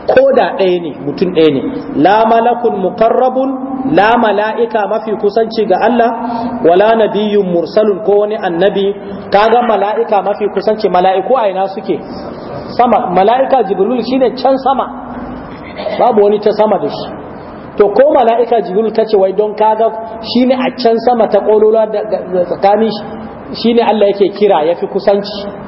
S1: ko da ɗaya ne mutum ɗaya ne la malakun muqarrabun la mala'ika mafi kusanci ga Allah wala nabiyyun mursalun ko wani annabi kaga mala'ika mafi kusanci mala'iku a ina suke sama mala'ika jibril shine can sama babu wani ta sama da shi to ko mala'ika jibril ta ce wai don kaga shine a can sama ta kololuwa tsakanin shine Allah yake kira yafi kusanci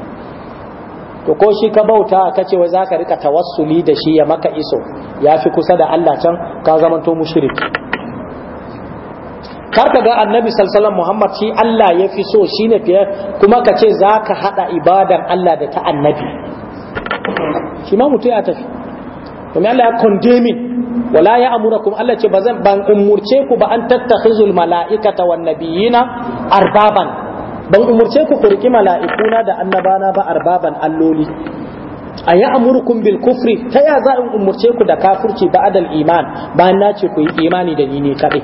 S1: to ko shi ka bauta ka ce wai zaka rika tawassuli da shi ya maka iso ya fi kusa da Allah can ka zamanto mushriki kar ka ga annabi sallallahu Muhammad shi Allah ya fi so ne fiye kuma ka ce zaka hada ibadan Allah da ta annabi shi ma ya tafi domin Allah ya condemning wala ya amurakum Allah ce bazan ban umurce ku ba an tattakhizul mala'ikata wan nabiyina arbaban ban umurce ku ku riƙi mala'ikuna da annabana ba arbaban alloli a yi amurkun bil kufri ta ya za in umurce ku da kafurci ba adal iman bayan na ce ku yi imani da ni ne kaɗai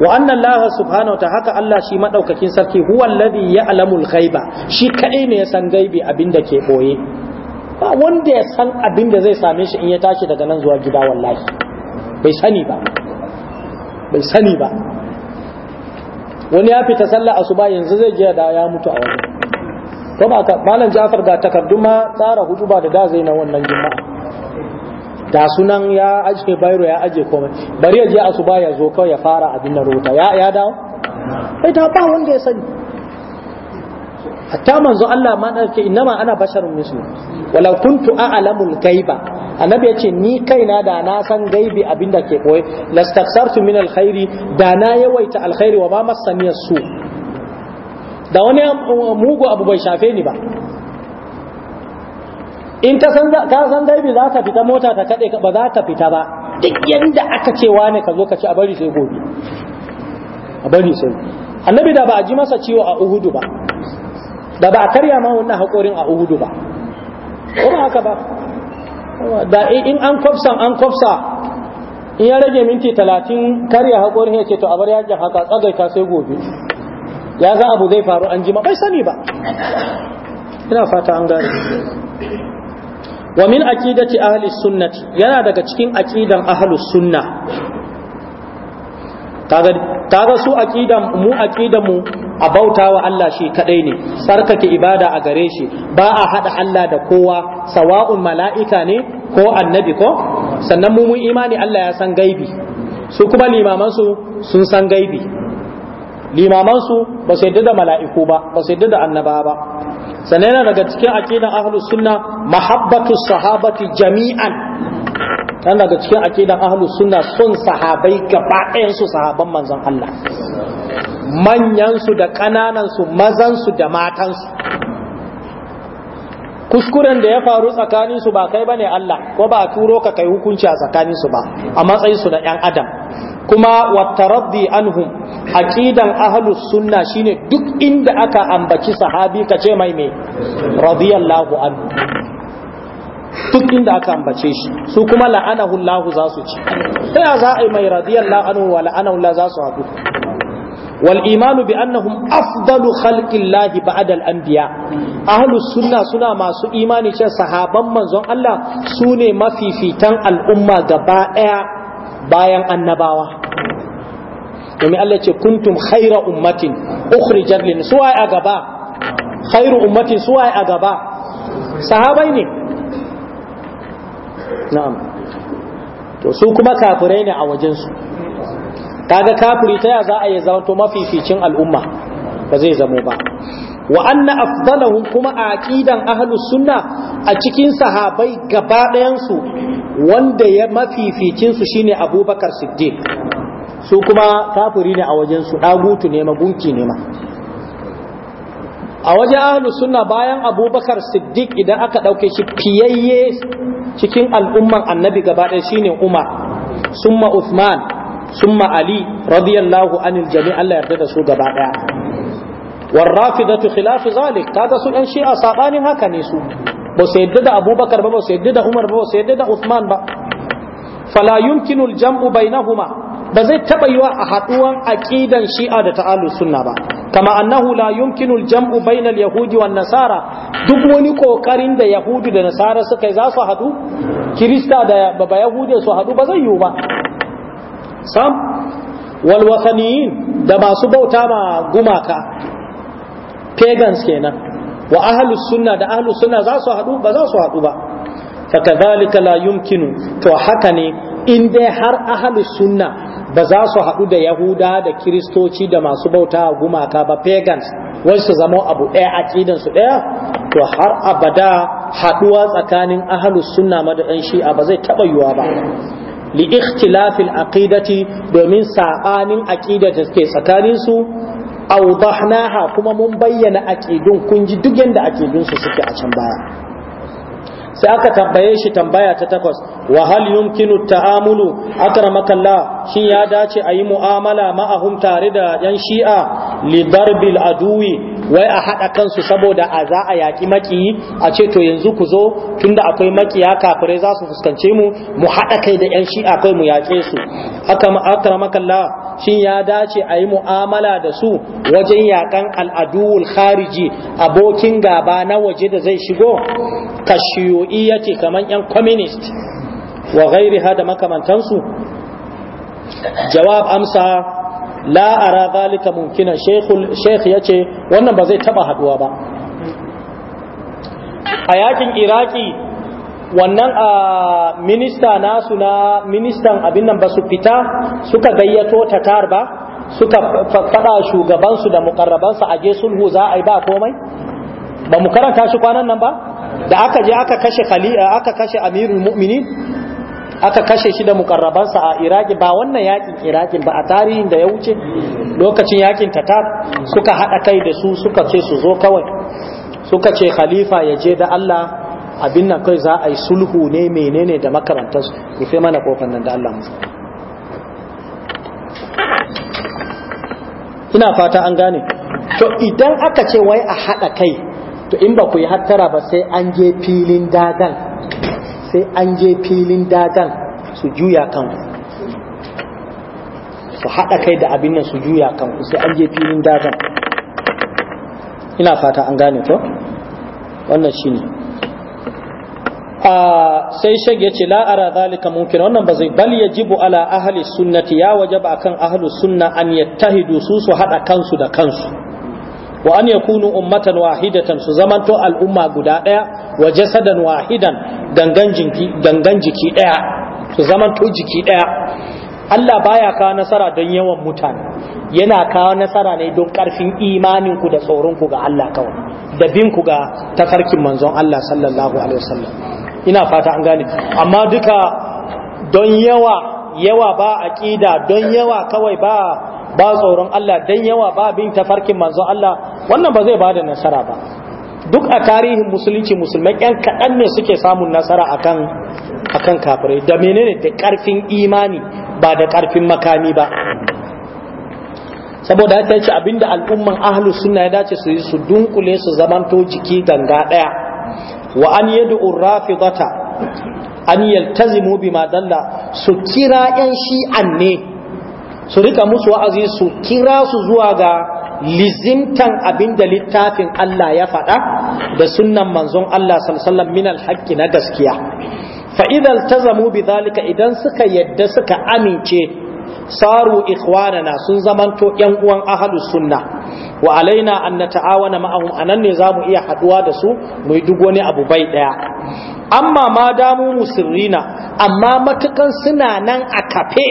S1: wa annan laha subhanahu ta haka Allah shi maɗaukakin sarki huwa ya alamul ghaiba shi kaɗai ne ya san gaibi abin da ke ɓoye ba wanda ya san abin da zai same shi in ya tashi daga nan zuwa gida wallahi bai sani ba bai sani ba wani ya fita sallah asuba yanzu zai je da ya mutu a waje. to ba ka malam Jafar ga takardu ma tsara ba da da zai na wannan juma'a da sunan ya aje bayro ya aje komai bari ya je asuba ya zo kawai ya fara abin na rota ya ya dawo kai ta ba wanda ya sani hatta manzo Allah ma da ce inna ma ana basharun mislu walau kuntu a'lamul ghaiba annabi ya ce ni kaina da na san gaibi abinda ke koyi lastaksartu min alkhairi da na yawaita alkhairi wa ma masaniyar su da wani mugu abu bai shafe ni ba in ka san gaibi za ka fita mota ta kaɗe ba za ka fita ba duk yadda aka ce wane ka zo ka ci a bari sai gobe a bari sai annabi da ba a ji masa ciwo a uhudu ba da ba a karya ma wannan hakorin a uhudu ba ko ba haka ba da in an an kofsa in ya rage minti talatin karya haƙorin ya ce to a bar yakin haka tsagaita sai gobe ya za abu zai faru an jima bai sani ba ina fata an gari wa min aqidati ahli sunnati yana daga cikin aqidan ahli sunna kaga kaga su a mu aqidan mu a bautawa Allah shi kadai ne sarkake ibada a gare shi ba a hada Allah da kowa sawa'un mala'ika ne ko annabi ko sannan mu mun imani Allah ya san gaibi su kuma limaman su sun san gaibi limaman su ba su yadda da mala'iku ba ba su yadda da annaba ba sannan daga cikin aqidan ahlus sunna mahabbatu sahabati jami'an dan daga cikin aqidan ahlu sunna sun sahabai gaba ɗayan su sahaban manzon Allah manyan su da kananan su mazan su da matan su kuskuren da ya faru tsakanin su ba kai bane Allah ko ba turo ka kai hukunci a tsakanin su ba a matsayin su na yan adam kuma wattaraddi anhum aqidan ahlu sunna shine duk inda aka ambaci sahabi ka ce mai me radiyallahu anhu duk inda aka ambace shi su kuma la'anahu Allah za su ci ta za a yi mai radiyallahu anhu wa la'anahu Allah za su haɗu wal imanu bi annahum afdalu khalqillahi ba'da al anbiya ahlus sunna suna masu imani cewa sahaban manzon Allah sune mafifitan al'umma gaba daya bayan annabawa domin Allah ce kuntum khaira ummatin ukhrijat lin suwa a gaba khairu ummatin suwa a gaba sahabai ne na'am to su kuma kafirai ne a wajensu kaga kafiri ta ya za a yi zama mafificin al'umma ba zai zamo ba wa anna afdalahum kuma a aqidan ahlus sunna a cikin sahabai gaba ɗayan su wanda ya mafificin su shine Abubakar Siddiq su kuma kafiri ne a wajen su dagutu ne magunki ne ma a waje ahlus suna bayan abubakar siddiq idan aka ɗauke shi fiyayye cikin al'umman annabi gaba ɗaya shine umar summa uthman summa ali radiyallahu anil jami Allah yarda da su gaba ɗaya warrafidatu khilafu zalik kaga su ɗan shi'a saɓanin haka ne su ba su yadda da abubakar ba ba su yadda da umar ba ba su yadda da uthman ba fala yumkinu aljam'u bainahuma ba zai taɓa yiwa a haɗuwan aƙidan shi'a da ta'alu sunna ba kama annahu la yumkinu al-jam'u bainal yahudi wan nasara duk wani kokarin da yahudu da nasara suka yi za su haɗu kirista da baba yahude su haɗu ba zai yiwu ba sam wal da masu bauta ma gumaka pagans kenan wa ahlus sunna da ahlus sunna za su haɗu ba za su haɗu ba fakadhalika la yumkinu to haka ne in dai har ahlus sunna ba za su haɗu da yahuda da kiristoci da masu bauta gumaka ba pagans wani su zama abu ɗaya aƙidan su ɗaya to har abada haɗuwa tsakanin ahlus suna ma ɗan shi'a ba zai taɓa yiwuwa ba li ikhtilafil aqidati domin saɓanin aqida da ke tsakanin su awdahnaha kuma mun bayyana aqidun kun ji duk yanda aqidun su suke a can baya sai aka tambaye shi tambaya ta takwas wa hal yumkinu ta'amulu akramakallah shin ya dace a yi mu'amala ma'ahum tare da yan shi'a li darbil aduwi wai a haɗa kansu saboda a za a yaƙi maki a ce to yanzu ku zo tunda akwai makiya kafirai za su fuskance mu mu haɗa kai da yan shi'a kai mu yaƙe su akramakallah shin ya dace a yi mu'amala da su wajen yaƙan al'aduwul khariji abokin gaba na waje da zai shigo kashiyoyi yake kamar yan communist wa ghairiha da makamantansu jawab amsa la ara zalika mumkinan sheikh ya ce wannan ba zai taba haduwa ba a yakin iraki wannan a minista nasu na ministan abin nan ba su fita suka gayyato tatar ba suka faɗa shugabansu da mukarrabansa a je sulhu za a yi ba komai ba mu karanta shi kwanan nan ba da aka je aka kashe khali'a aka kashe amirul aka kashe shi da mukarrabansa a iraki ba wannan yakin iraki ba a tarihin da ya wuce lokacin yakin tatar suka haɗa kai da su suka ce su zo kawai suka ce khalifa ya je da allah abin nan kai za a yi sulhu ne menene da makarantarsu rufe mana kofan nan da allah musu ina fata an gane to idan aka ce wai a haɗa kai to in ba ku yi hattara ba sai an je filin dagan sai an je filin dagan su juya kan su haɗa kai da abin nan su juya ku. sai an je filin dagan ina fata an gane ko wannan shi ne sai shag ya ce la'ara zalika mumkin wannan ba zai bal yajibu ala ahli sunnati ya wajaba kan ahli sunna an yattahidu su su haɗa kansu da kansu wa an yakunu ummatan wahidatan su zamanto al'umma guda daya wa jasadan wahidan gangan jiki gangan jiki daya su zamanto jiki daya Allah baya kawo nasara don yawan mutane yana kawo nasara ne don karfin imanin ku da tsoron ku ga Allah kawai da bin ku ga takarkin manzon Allah sallallahu alaihi wasallam ina fata an gane amma duka don yawa yawa ba aqida don yawa kawai ba ba tsoron Allah dan yawa ba bin tafarkin manzon Allah wannan ba zai ba da nasara ba duk a tarihin musulunci musulmai yan kaɗan ne suke samun nasara akan akan kafirai da menene da ƙarfin imani ba da ƙarfin makami ba saboda ta yace abinda al'umman ahlus sunna ya dace su yi su dunkule su zamanto jiki ganga daya wa an yad'u urrafidata an yaltazimu bima dalla su kira yan shi'an ne su rika musu wa'azi su kira su zuwa ga lizintan abin da littafin Allah ya faɗa da sunnan manzon Allah sallallahu min alhaqqi na gaskiya Fa'idar ta tazamu bi zalika idan suka yadda suka amince saru ikhwanana sun zamanto yan uwan ahlus sunna wa alaina an nata'awana ma'ahum anan ne zamu iya haɗuwa da su mu yi duk wani abu bai ɗaya. amma ma damu musirrina amma matukan suna nan a kafe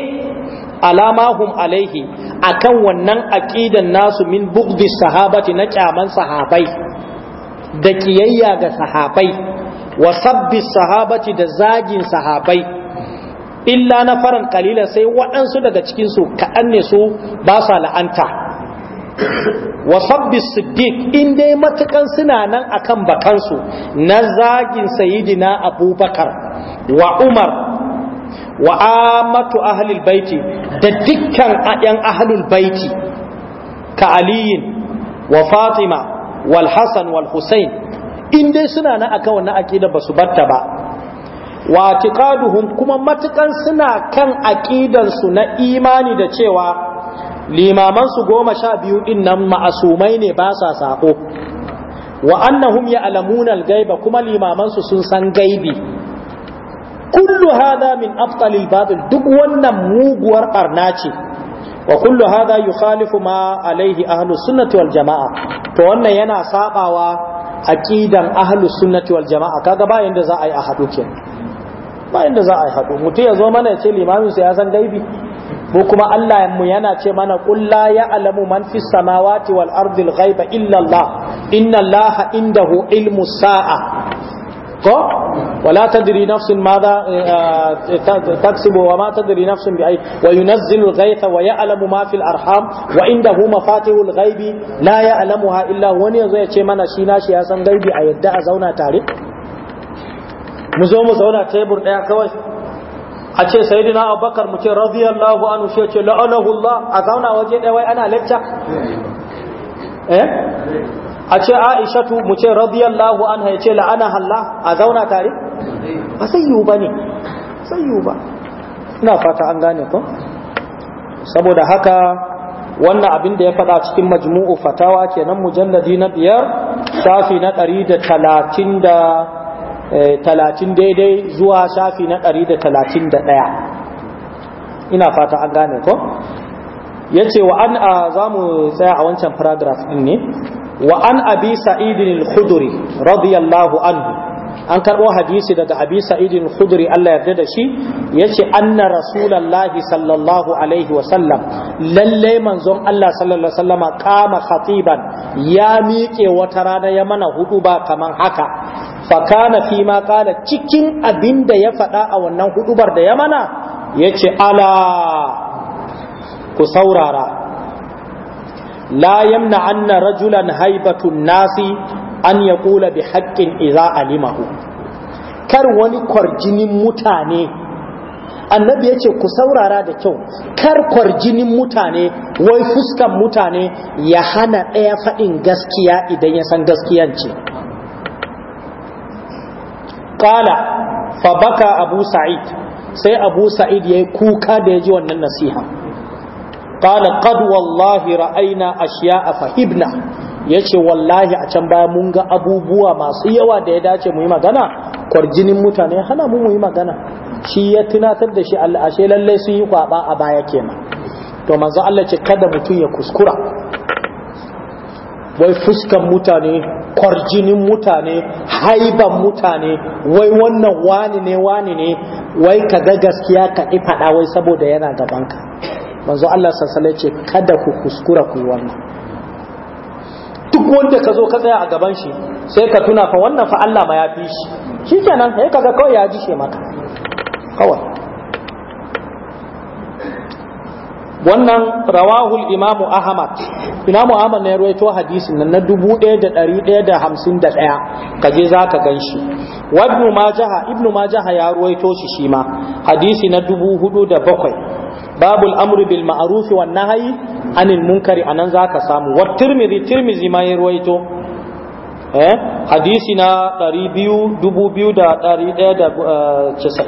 S1: alamahum alaihi akan wannan aqidan nasu min bughdi sahabati na kyaman sahabai da kiyayya ga sahabai wa sabbi sahabati da zagin sahabai illa na faran kalila sai waɗansu daga cikinsu su kaɗan ne su ba sa la'anta wa sabbi siddiq in dai matukan suna nan akan bakansu na zagin sayidina abubakar wa umar wa amatu ahlul baiti da dukkan ayan ahlul baiti ka aliyin wa fatima wal hasan wal husain in dai suna na akan wannan aqida ba su ba wa kuma matukan suna kan aqidan su na imani da cewa limaman su goma sha biyu din nan ma'asumai ne ba sa sako wa annahum ya'lamuna al-ghaiba kuma limaman su sun san gaibi kullu hada min aftalil batil duk wannan muguwar ɓarna ce wa kullu hada yukhalifu ma alaihi ahlu sunnati wal jamaa to wannan yana sabawa ƙidan ahlu sunnati wal jamaa kaga ba yanda za a yi a hadu kenan ba yanda za a yi hadu mutum ya zo mana ya ce limamin sa ya san gaibi ko kuma Allah mu yana ce mana qul la ya'lamu man fis samawati wal ardi al ghaiba illa Allah inna Allah indahu ilmu sa'a ko wala tadri nafsin madha taksibu wa ma tadri nafsin bi ay wa yunazzilu al-ghaytha wa ya'lamu ma fil arham wa indahu mafatihu al-ghaibi la ya'lamuha illa wani yanzu ya ce mana shi nashi ya san gaibi a yadda a zauna tare mu zo mu zauna tebur daya kawai a ce sayyidina abubakar mu ce radiyallahu anhu shi ce la'anahu allah a zauna waje daya wai ana lecture eh a ce aishatu mu ce radiyallahu anha ya ce la'ana Allah a zauna tare ba sai yiwu ba ne sai yiwu ba ina fata an gane ko saboda haka wannan abin da ya faɗa cikin majmu'u fatawa kenan mujalladi na biyar shafi na ɗari da talatin da eh, talatin daidai zuwa shafi na ɗari da talatin da ɗaya ina fata an gane ko yace wa an zamu tsaya a wancan paragraph ɗin ne wa an abi sa'idin al radiyallahu anhu an karbo hadisi daga abi sa'idin al Allah yarda da shi yace anna Rasulallahi sallallahu alaihi wa sallam lalle manzon Allah sallallahu alaihi wa sallama kama khatiban ya miƙe wata rana ya mana hudu ba kaman haka fakana fi ma qala cikin abinda ya faɗa a wannan hudubar da ya mana yace ala ku saurara la yamna anna rajulan haibatun nasi an ya kula bi haƙƙin iza alimahu kar wani kwarjinin mutane annabi ya ce ku saurara da kyau kar kwarjinin mutane wai fuskan mutane ya hana ɗaya faɗin gaskiya idan ya san gaskiyan ce ƙala fa baka abu sa'id sai abu sa'id ya yi kuka da ya ji wannan nasiha qala qad wallahi ra'ayna ashiya'a fahibna yace wallahi a can baya mun ga abubuwa masu yawa da ya dace mu yi magana kwarjinin mutane hana mu mu yi magana shi ya tunatar da shi Allah ashe lalle sun yi kwaba a baya kenan to manzo Allah ce kada mutum ya kuskura wai fuskan mutane kwarjinin mutane haiban mutane wai wannan wani ne wani ne wai ka ga gaskiya ka faɗa wai saboda yana gabanka manzo Allah sallallahu ce kada ku kuskura ku yi wannan duk wanda ka zo ka tsaya a gaban shi sai ka tuna fa wannan fa Allah ma ya fi shi shikenan sai ga kawai ya ji she maka kawai wannan rawahul imamu ahmad imamu ahmad ne ruwaito hadisin nan na 1151 kaje zaka ganshi wa ibnu majaha ibnu majaha ya ruwaito shi shi ma hadisi na 4007 babul amru bil ma'ruf wan nahyi anil munkari anan zaka samu wa tirmidhi tirmidhi eh hadisi na 200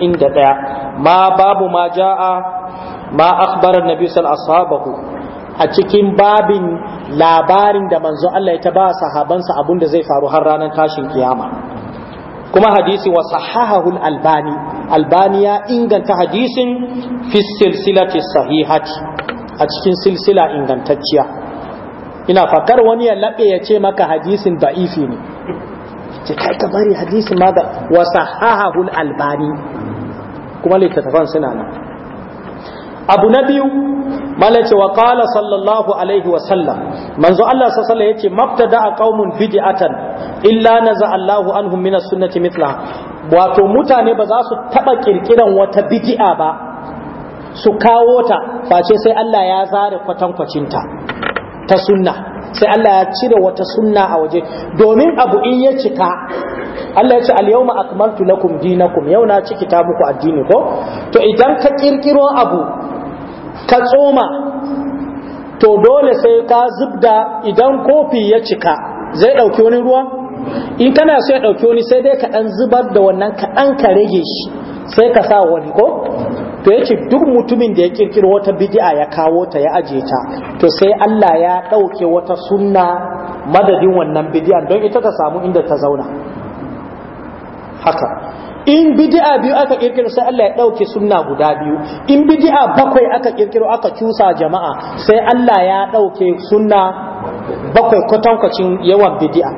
S1: eh, ma babu ma jaa ma akhbara nabi sallallahu alaihi ashabahu a cikin babin labarin da manzo Allah ya ta ba sahabansa da zai faru har ranar tashin kiyama kuma hadisin wa sahahahul albani albani ya inganta hadisin fi silsilati sahihati a cikin silsila ingantacciya ina fakar wani ya laɓe ya ce maka hadisin da'ifi ne ce kai ka bari hadisin ma da wa sahahahul albani kuma littattafan suna nan abu na biyu malaice wa kala sallallahu alaihi wa manzo Allah sallallahu ya ce, mabtada qaumun bidiyatan, illa naza Allahu an min sunnati mitla wato mutane ba za su taba kirkiran wata bid'a ba su kawo ta face sai Allah ya zare kwatankwacinta ta sunna sai Allah ya cire wata sunna a waje domin abu in ya cika Allah ya ce al-yawma akmaltu lakum dinakum yau na ta muku addini ko to idan ka kirkiro abu ka tsoma to dole sai ka zubda idan kofi ya cika zai ɗauki wani ruwa in kana so ya ɗauki wani sai dai ka ɗan zubar da wannan ka ɗan ka rage shi sai ka sa wani ko to yace duk mutumin da ya kirkiro wata bid'a ya kawo ta ya aje ta to sai Allah ya ɗauke wata sunna madadin wannan bid'a don ita ta samu inda ta zauna haka in bidi'a biyu aka kirkiro sai Allah ya dauke sunna guda biyu in bidi'a bakwai aka kirkiro aka cusa jama'a sai Allah ya dauke sunna bakwai kwatankwacin yawan bidi'a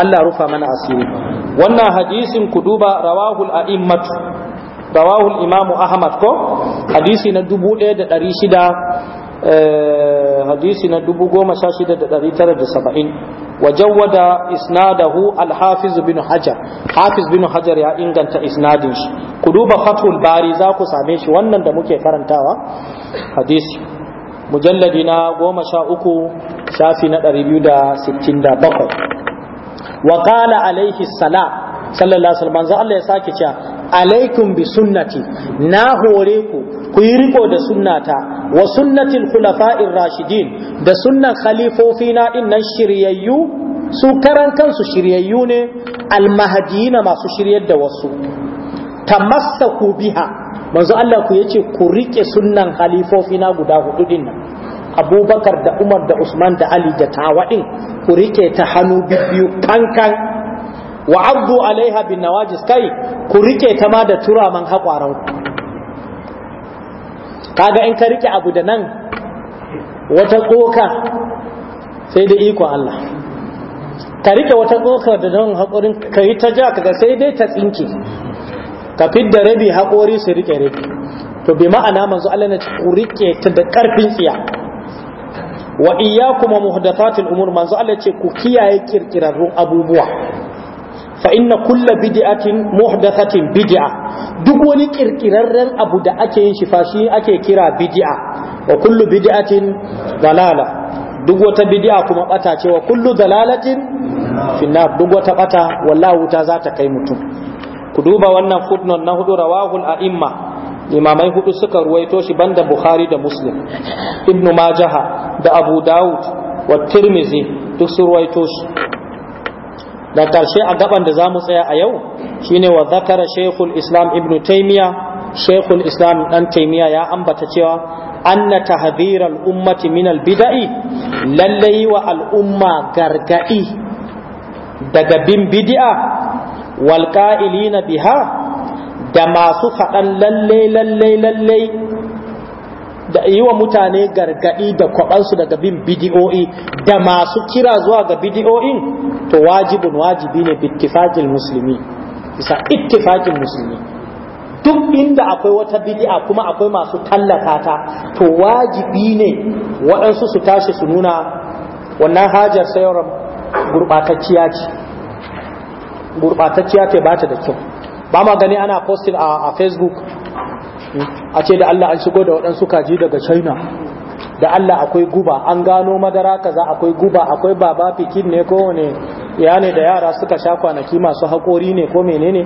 S1: Allah rufa mana asiri wannan hadisin ku duba rawahul a'immat rawahul imamu ahmad ko hadisi na 1600 hadisi na dubu goma sha shida da da tara 16970 wajawwada isnadahu al-hafiz bin hajar hafiz bin hajar ya inganta isnadin shi ku duba fathul bari za ku same shi wannan da muke karantawa hadisi mujalladi na goma sha uku shafi na biyu da sittin 267 wa qala alaihi salam sallallahu alaihi wasallam Allah ya sake cewa alaikum bi sunnati na hore ku ku yi riko da sunnata wa sunnatil khulafa'ir rashidin da sunnan khalifofi na dinnan shiryayyu su karan kansu shiryayyu ne almahadiyina masu shiryar da wasu ta ku biha manzo Allah ku yace ku rike sunnan khalifofi na guda hudu dinnan Abubakar da Umar da Usman da Ali da Tawadin ku rike ta hannu biyu kankan wa abdu alaiha bin nawajis kai ku rike ta ma da turaman haƙwaran ku kaga in ka rike abu da nan wata tsoka sai da iko Allah ka rike wata tsoka da nan haƙorin ka yi ta ja kaga sai dai ta tsinke ka fidda rabi haƙori su rike rabi to bi ma'ana manzo Allah na ku rike ta da ƙarfin tsiya wa iyyakum muhdathatil umur manzo Allah ce ku kiyaye kirkirarrun abubuwa fa inna kulla bid'atin muhdathatin bid'a duk wani kirkirarren abu da ake yin shi shi ake kira bidi'a wa kullu bid'atin dalala duk wata bid'a kuma bata ce wa kullu dalalatin finna duk wata bata walla wuta za ta kai mutum ku duba wannan footnote na hudu rawahul a'imma imamai hudu suka ruwaito shi banda bukhari da muslim ibnu majaha da abu Dawud wa tirmizi duk su ruwaito shi da ƙarshe a gaban da za mu tsaya a yau shine wa zakara shekul islam ibnu taimiya Shekul islam ɗan taimiya ya ambata cewa anna tahdhir al ummati min al bid'i lallai wa al umma gargadi daga bin bid'a wal qa'ilina biha da masu faɗan lallai-lallai-lallai. da yi wa mutane gargadi da kwaɓansu daga bin bidiyo'i da masu kira zuwa ga bidiyo'in to wajibin wajibi ne bittifajin musulmi bisa ittifakin musulmi duk inda akwai wata bidi'a kuma akwai masu tallata ta to wajibi ne waɗansu su tashi su nuna wannan hajar sayarwar gurɓatacciya ce gurɓatacciya ce ba ta da kyau ba ma gani ana postin a facebook a ce da Allah an shigo da waɗansu kaji daga China da Allah akwai guba an gano madara kaza akwai guba akwai baba fikin ne ko wane ya ne da yara suka sha kwanaki masu haƙori ne ko menene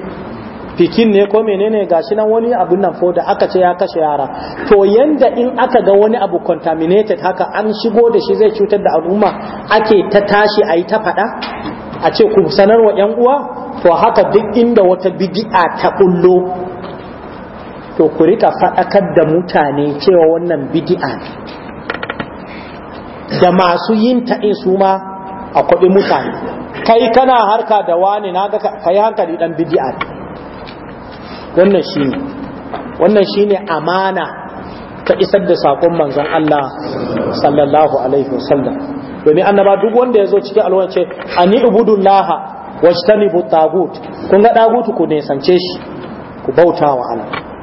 S1: fikin ne ko menene gashi nan wani abin nan fo da aka ce ya kashe yara to yanda in aka ga wani abu contaminated haka an shigo da shi zai cutar da al'umma ake ta tashi a yi ta faɗa a ce ku sanarwa 'yan uwa to haka duk inda wata bidi'a ta bullo to ku rika faɗakar da mutane cewa wannan bidi'a da masu yin ta in su ma a kwaɗi mutane kai kana harka da wani na ga kai hankali dan bidi'a ne wannan shine wannan amana ta isar da sakon manzon Allah sallallahu alaihi wasallam domin annaba duk wanda ya zo cikin alwan ce ani ubudullaha wajtanibu tagut kun ga dagutu ku ne sance shi ku bauta wa Allah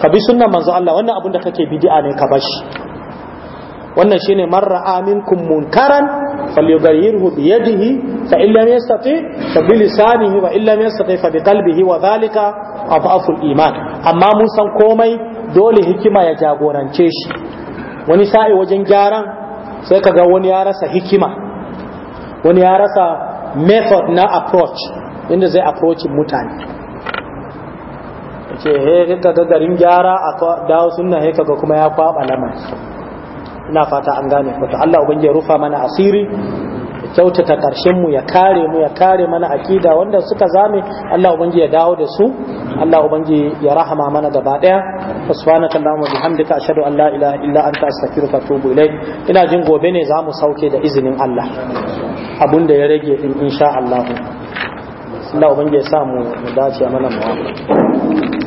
S1: ka bi sunan manzo Allah wannan abin da kake bid'a ne ka bashi wannan shine man ra'a minkum munkaran falyughayyirhu bi yadihi fa in lam yastati fa bi lisanihi wa in lam yastati fa bi qalbihi wa dhalika adhafu iman amma mun san komai dole hikima ya jagorance shi wani sa'i wajen gyaran sai ka ga wani ya rasa hikima wani ya rasa method na approach inda zai approach mutane ce he kaga garin gyara a dawo sunna he kaga kuma ya kwaba lamari ina fata an gane wata Allah ya rufa mana asiri kyautata karshen mu ya kare mu ya kare mana akida wanda suka zame Allah ubangiji ya dawo da su Allah ubangiji ya rahama mana gaba daya subhanaka allahumma bihamdika ashhadu an la ilaha illa anta astaghfiruka wa atubu ilaik ina jin gobe ne zamu sauke da izinin Allah abun da ya rage in insha Allah Allah ubangiji ya samu mu dace mana mu'amala